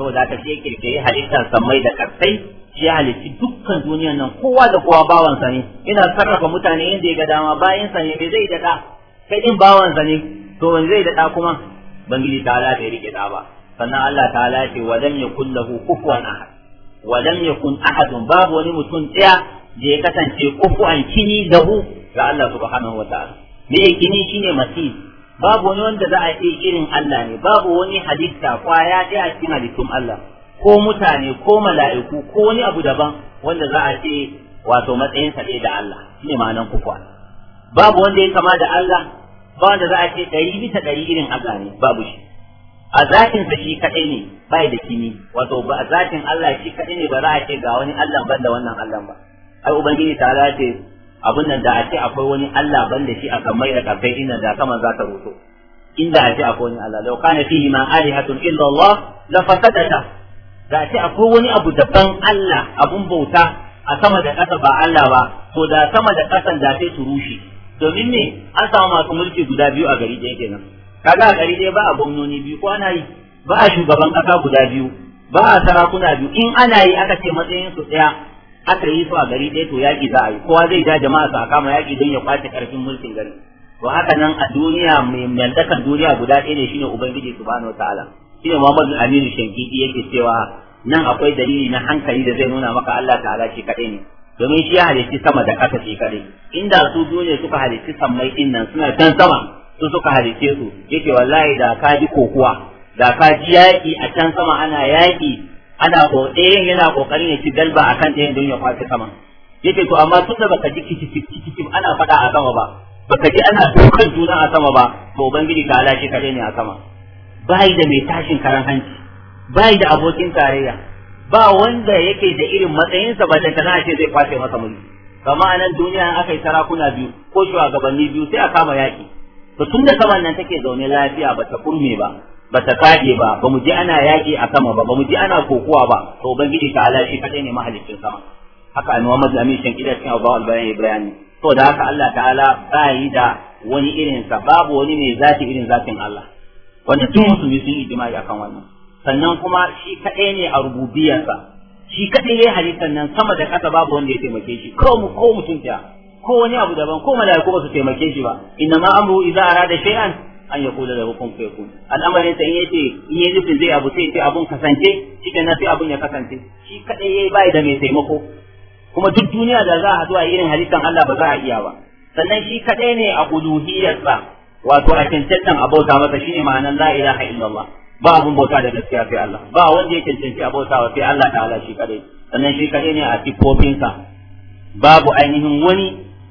saboda ta ce kirkire halittar samai da karsai shi ya dukkan duniyan nan kowa da kowa bawansa ne ina sarrafa mutane inda ya ga dama bayan ne zai daɗa kai in bawansa ne to wani zai daɗa kuma bangiji ta ala bai rike ba sannan Allah ta ala ce wa lam yakun lahu kufuwan ahad wa lam yakun ahadun babu wani mutum ɗaya da ya kasance kufuwan kini lahu ga Allah subhanahu wa ta'ala me kini shine masi babu wani wanda za a yi irin Allah ne babu wani halitta kwaya ɗaya a cikin halittun Allah ko mutane ko mala'iku ko wani abu daban wanda za a ce wato matsayin sa da Allah shine ma'anan kufuwa babu wanda ya kama da Allah ba wanda za a ce ɗari bisa ɗari irin Allah ne babu shi a zatin sa shi kaɗai ne bai da kimi wato ba a zatin Allah shi kaɗai ne ba za a ce ga wani Allah ban da wannan Allah ba ai ubangiji ta ce abin nan da a ce akwai wani Allah ban da shi a kan mai da kafai inda da kama za ta ruto inda a ce akwai wani Allah lau kana fihi ma alihatun illa Allah la fasadata da ce akwai wani abu daban Allah abun bauta a sama da ƙasa ba Allah ba to da sama da ƙasan da sai su rushe domin ne an samu masu mulki guda biyu a gari ɗaya kenan kaga a gari ɗaya ba a gwamnoni biyu ko ana yi ba a shugaban ƙasa guda biyu ba a sarakuna biyu in ana yi aka ce matsayin su ɗaya aka yi su a gari ɗaya to yaƙi za a yi kowa zai ja jama'a su a kama yaƙi don ya kwace ƙarfin mulkin gari to haka nan a duniya mai mallakar duniya guda ɗaya ne shine ubangiji subhanahu ta'ala shine Muhammad Aminu shankiki yake cewa nan akwai dalili na hankali da zai nuna maka Allah ta'ala shi kadai ne domin shi ya halitti sama da ƙasa shi kadai inda su duniya suka halitti sammai din nan suna can sama su suka halitte su yake wallahi da ka ji kokuwa da ka ji yaƙi a can sama ana yaƙi ana ɗayan yana ƙoƙarin ya ci galba a kan ɗayan don ya kwace sama yake to amma tunda da baka ji kicikicikicik ana faɗa a sama ba baka ji ana dukan juna a sama ba to ubangiji ta lashe kadai ne a sama bai da mai tashin karan hanci bai da abokin tarayya ba wanda yake da irin matsayinsa ba da kana ce zai kwace masa mulki kama a nan duniya aka yi sarakuna biyu ko shugabanni biyu sai a kama yaki to tun da saman nan take zaune lafiya ba ta kurme ba ba ta kage ba ba mu ji ana yaƙi a sama ba ba mu ji ana kokowa ba to ubangiji ta ala shi ne mahalicin sama haka annabi Muhammad shan kida cikin Abu Al-Bayan Ibrahim to da haka Allah ta'ala ba yi da wani irinsa babu wani mai zati irin zatin Allah wanda tun musulmi sun yi jima'i akan wannan sannan kuma shi kaɗai ne a rububiyarsa shi kaɗai ya halitta nan sama da ƙasa babu wanda ya taimake shi ko mu ko mutum ta ko wani abu daban ko mala'iku ba su taimake shi ba inna ma amru idza arada shay'an an yaqula lahu kun fayakun al'amarin sa in yace in yayi nufin zai abu sai abun kasance shi da na abun ya kasance shi kaɗai yayi bai da mai taimako kuma duk duniya da za a zo a irin halittar Allah ba za a iya ba sannan shi kaɗai ne a sa wato a cancantan a bauta masa shine ma'anar la ilaha illallah ba abun bauta da gaskiya sai Allah ba wanda ya cancanci a bauta wa sai Allah ta'ala shi kadai sannan shi kadai ne a siffofinsa babu ainihin wani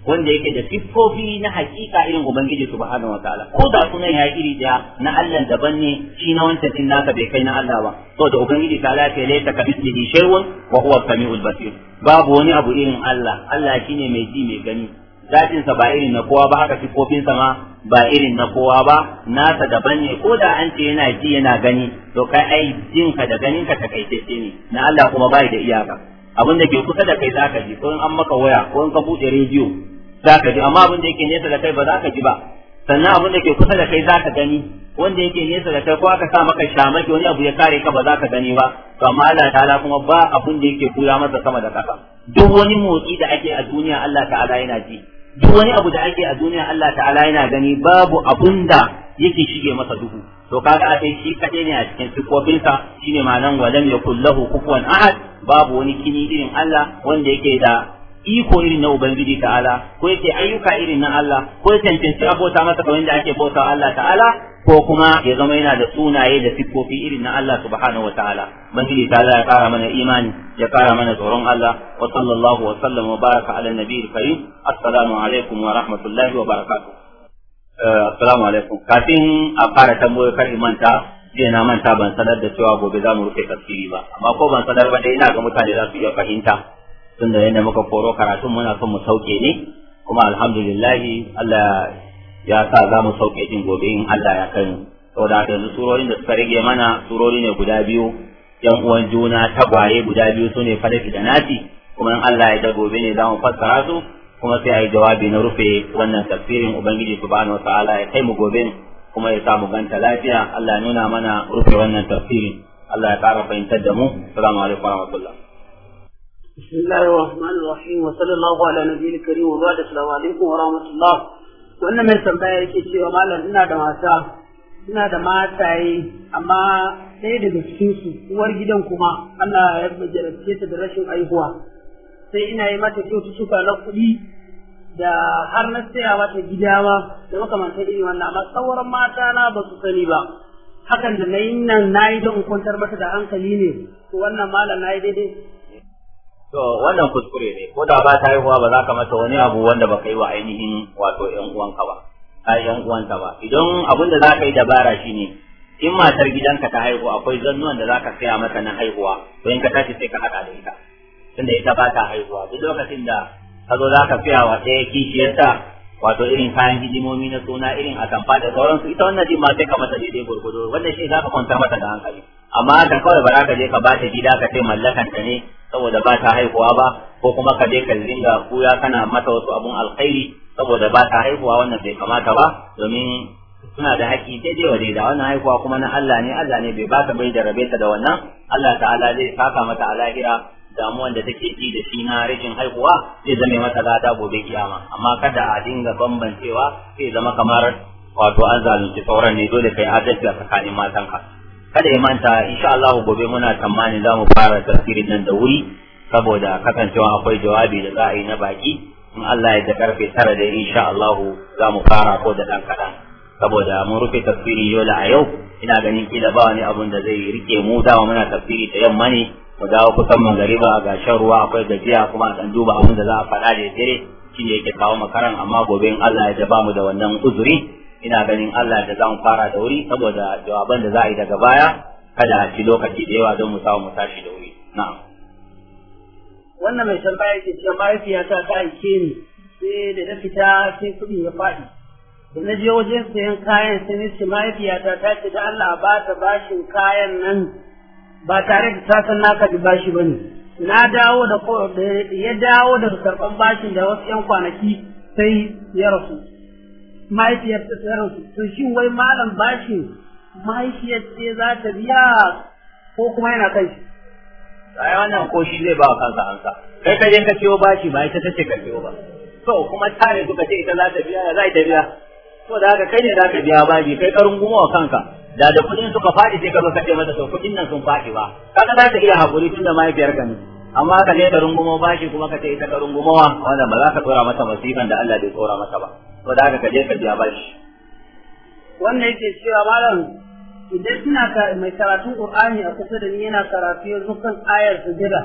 wanda yake da siffofi na hakika irin ubangiji subhanahu wataala ko da sunan ya iri daya na Allah daban ne shi na wancan din naka bai kai na Allah ba to da ubangiji ta'ala sai laita ka bismihi shay'un wa huwa samiul basir babu wani abu irin Allah Allah shine mai ji mai gani zatinsa ba irin na kowa ba haka siffofinsa ma ba irin na kowa ba nasa daban ne ko da an ce yana ji yana gani to kai ai jin ka da ganin ka takaitacce ne na Allah kuma bai da iyaka abin da ke kusa da kai zaka ji ko in an maka waya ko in ka bude rediyo zaka ji amma abin da yake nesa da kai ba za ka ji ba sannan abin da ke kusa da kai zaka gani wanda yake nesa da kai ko aka sa maka shamaki wani abu ya kare ka ba za ka gani ba to amma Allah ta'ala kuma ba abin da yake kula masa sama da kasa duk wani motsi da ake a duniya Allah ta'ala yana ji duk wani abu da ake a duniya Allah ta'ala yana gani babu abun da yake shige masa duhu to kaga a sai shi kaɗai ne a cikin sifofinsa shine ma'anan walam yakul lahu kufuwan ahad babu wani kini irin Allah wanda yake da iko irin na ubangiji ta'ala ko yake ayyuka irin na Allah ko ya cancanci abota masa kamar da ake bauta Allah ta'ala ko kuma ya zama yana da sunaye da siffofi irin na Allah subhanahu wataala ubangiji ta'ala ya kara mana imani ya kara mana tsoron Allah wa sallallahu wa sallam wa baraka ala nabiyil karim assalamu alaikum wa rahmatullahi wa barakatuh eh, assalamu alaikum kafin a fara tambayoyi kar manta jiya na manta ban sanar da cewa gobe za mu rufe tafsiri ba amma ko ban sanar ba dai ina ga mutane za su iya fahimta tunda yadda muka koro karatun muna son mu sauke ne kuma alhamdulillahi Allah ya sa za mu sauke din gobe in Allah ya kai saboda haka yanzu surorin da suka rage mana surori ne guda biyu yan uwan juna tagwaye guda biyu su ne falaki da nasi kuma in Allah ya gobe ne za mu fassara su kuma sai a yi jawabi na rufe wannan tafsirin ubangiji subhanahu wataala ya kai mu gobe kuma ya samu ganta lafiya Allah ya nuna mana rufe wannan tafsirin Allah ya kara fahimtar da mu assalamu alaikum warahmatullahi بسم الله wannan mai tambaya yake cewa malam ina da mata ina da mataye amma ɗaya daga cikin su uwar gidan kuma Allah ya jarabce ta da rashin aihuwa sai ina yi mata kyaututtuka na kuɗi da har na saya mata gida ma da makamantar irin wannan amma sauran mata na ba su sani ba hakan da na yi nan na yi don kwantar mata da hankali ne wannan malam na yi daidai to wannan kuskure ne ko da ba ta haihuwa ba za ka mata wani abu wanda ba kai wa ainihin wato 'yan uwanka ba a 'yan uwanta ba idan abin da za ka yi dabara shi ne, in matar gidanka ta haihu akwai zannuwan da za ka saya mata na haihuwa to in ka tashi sai ka haɗa da ita tunda ita ba ta haihuwa duk lokacin da ka zo za ka saya wa ɗaya kishiyarta wato irin kayan hidimomi na suna irin atamfa da sauransu ita wannan jin ma sai ka mata daidai gurgudu wannan shi za ka kwantar mata da hankali amma ka kawai ba za ka je ka ba ta gida ka ce mallakanta ne saboda ba ta haihuwa ba ko kuma ka je ka dinga kuya kana mata wasu abun alkhairi saboda ba ta haihuwa wannan bai kamata ba domin suna da haƙƙi daidai wa daidai wannan haihuwa kuma na Allah ne Allah ne bai baka bai da rabe ta da wannan Allah ta'ala zai saka mata a lahira damuwan da take ji da shi na rashin haihuwa zai zame mata lada gobe kiyama amma kada a dinga bambancewa zai zama kamar wato an zalunci sauran ne dole kai adalci a tsakanin matanka kada ya manta insha Allah gobe muna tsammani za mu fara tafsirin nan da wuri saboda kasancewa akwai jawabi da za a yi na baki in Allah ya da karfe tara da insha Allah za mu fara ko da dan kadan saboda mun rufe tafsiri yola a yau ina ganin kila ba wani abun da zai rike mu dama muna tafsiri da yamma ne mu dawo kusan magariba ga shan ruwa akwai gajiya kuma a kan duba abin da za a faɗa da dare ne yake kawo makaran amma gobe in Allah ya ba mu da wannan uzuri ina ganin Allah da zamu fara da wuri saboda jawaban da za a yi daga baya kada a ci lokaci da yawa don mu samu tashi da wuri na'am wannan mai tambaya yake cewa mahaifiyata ta aike ni sai da na fita sai kuɗi ya faɗi da na je wajen sayan kayan sai ni ce mahaifiyata ta ce da Allah ba ta bashin kayan nan ba tare da ta san naka kaji bashi ba ne na dawo da ya dawo da karɓan bashin da wasu 'yan kwanaki sai ya rasu mahaifiyar ta tsara to shin wai malam bashi mahaifiyar ce za ta biya ko kuma yana kan shi ai wannan ko shi zai ba wa kansa sa. kai ka je ka ciwo bashi ba ita tace ka ciwo ba to kuma tare suka ce ita za ta biya za ta biya to da haka kai ne za ka biya bashi kai karin guma wa kanka da da kudin suka faɗi sai ka zo ka ce mata to kudin nan sun faɗi ba kaga za ta iya hakuri tun da mahaifiyar ka ne amma ka ne ka rungumo bashi kuma ka ce ita ka rungumowa wanda ba za ka tsora mata masifan da Allah bai tsora mata ba ko da ka je ka biya shi. wannan yake cewa malam idan suna mai karatun qur'ani a kusa da ni yana karatu ya zo kan ayar sujada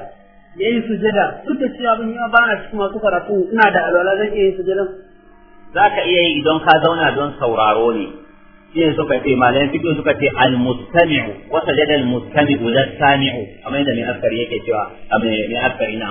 ya yi sujada duk da cewa ban yi ba na cikin masu karatu ina da alwala zan iya yin sujadan za ka iya yi idan ka zauna don sauraro ne shi ne suka ce malayan fiƙin suka ce al-mustami'u wa sajada al-mustami'u la sami'u amma da mai askari yake cewa mai askari na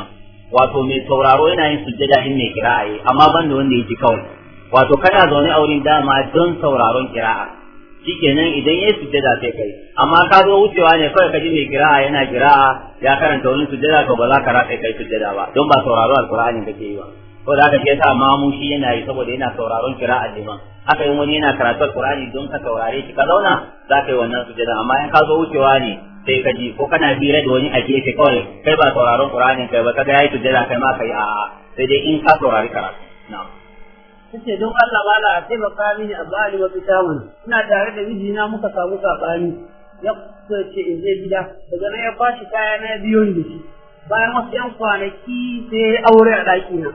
wato mai sauraro yana yin sujada in mai kira'a amma ban da wanda ya ji kawai wato kana zaune a wurin dama don sauraron kira'a shikenan idan yayi sujjada sai kai amma ka zo wucewa ne kawai ka ji mai kira'a yana kira'a ya karanta wani sujjada to ba za ka rasa kai sujjada ba don ba sauraro ka kake yi ba ko da haka yasa sa shi yana yi saboda yana sauraron kira'a ma haka yin wani yana karatu alkur'ani don ka saurare shi ka zauna za ka yi wannan sujjada amma in ka zo wucewa ne sai ka ji ko kana hira da wani a gefe kawai kai ba sauraron qur'ani kai ba kaga yayi sujjada kai ma kai a sai dai in ka saurari karatu na'am suke don Allah bala a taimaka mini a bani mafita ina tare da mijina muka samu sabani ya ce in je gida daga nan ya bashi kaya na biyo ni shi bayan wasu yan kwanaki sai aure a daki na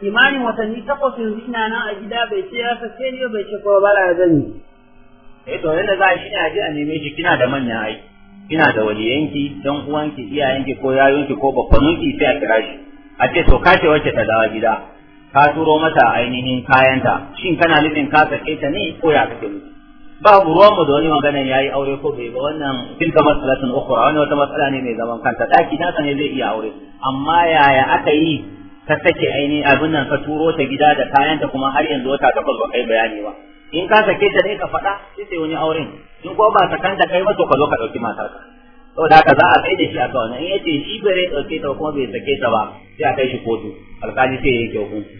kimanin watanni takwas yanzu ina nan a gida bai ce ya sace ni bai ce kuma bala zan yi eh to yanda za shi ne a je a neme shi kina da manya aiki kina da waliyanki dan uwanki iyayenki ko yayonki ko bakwanunki sai a kira shi a ce to kace wacce ta dawo gida ka turo mata ainihin kayanta shin kana nufin ka sake ta ne ko ya kake nufi babu ruwan mu da wani magana yayi aure ko bai ba wannan tilka mas'alatun ukhra wani wata matsala ne mai zaman kanta daki nasa sanya zai iya aure amma yaya aka yi ka sake ainihin abin nan ka turo ta gida da kayanta kuma har yanzu wata takwas ba kai bayani ba in ka sake ta ne ka faɗa sai wani auren in ko ba kanta kai ba to ka zo ka ɗauki matarka da haka za a kai da shi a kawai in ce shi bai da ke ta kuma bai sake ta ba sai a kai shi kotu alkali sai ya yanke hukunci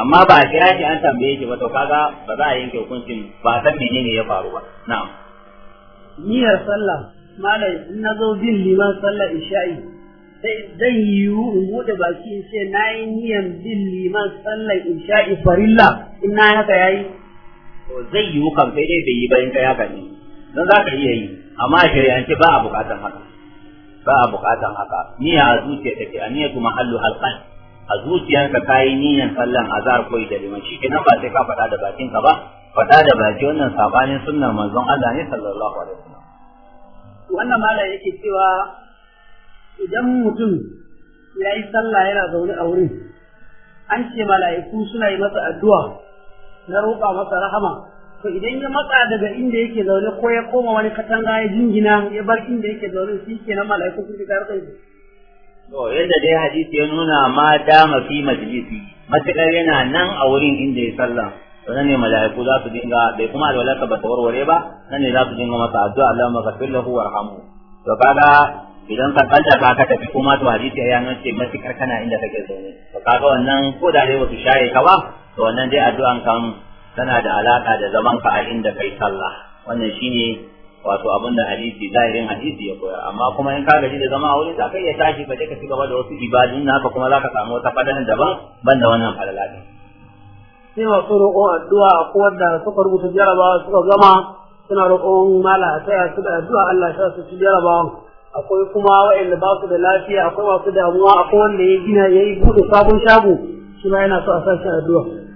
amma ba a kira shi an tambaye shi ba to kaga ba za a yanke hukuncin ba san menene ya faru ba na'am niyyar sallah malai in na zo bin liman sallar isha'i sai zan yiwu in bude baki in ce na yi niyyar bin liman sallar isha'i farilla in na haka yayi to zai yiwu kan sai dai bai yi ba in ka ya gani don za ka iya yi amma shari'ance ba a bukatan haka ba a bukatan haka niyya a zuciya take a niyyatu mahallu halqan a zuciyarka yi niyyar sallan azhar ko da liman shi kenan ba sai ka faɗa da bakinka ba faɗa da baki wannan sabanin sunnar manzon Allah ne sallallahu alaihi wasallam wannan malam yake cewa idan mutum ya yi sallah yana zaune a wurin an ce mala'iku suna yi masa addu'a na roƙa masa rahama to idan ya matsa daga inda yake zaune ko ya koma wani katanga ya jingina ya bar inda yake zaune shi nan mala'iku sun fitar da shi to yadda dai hadisi ya nuna ma dama fi majalisi matuƙar yana nan a wurin inda ya sallah to nan ne mala'iku za su dinga bai kuma alwalaka ba ta warware ba nan ne za su dinga masa addu'a ka ghafir lahu warhamu to kaga idan ka kanta ka ka tafi kuma to hadisi ya nuna ce matakar kana inda kake zaune to kaga wannan ko da dai wasu shaye ka ba to wannan dai addu'an kan tana da alaka da zaman ka a inda kai sallah wannan shine wato abin da hadisi zahirin hadisi ya koya amma kuma in ka gaji da zama a wuri za ka iya tashi ka je ka ci gaba da wasu ibadun haka kuma za ka samu wata fadalan daban ban da wannan falala din sai masu roƙon addu'a ko wanda suka rubuta jaraba suka gama suna roƙon mala sai su da addu'a Allah ya su jaraba akwai kuma wa'anda ba su da lafiya akwai masu damuwa akwai wanda ya gina ya yi buɗe sabon shago shi ma yana so a sa shi addu'a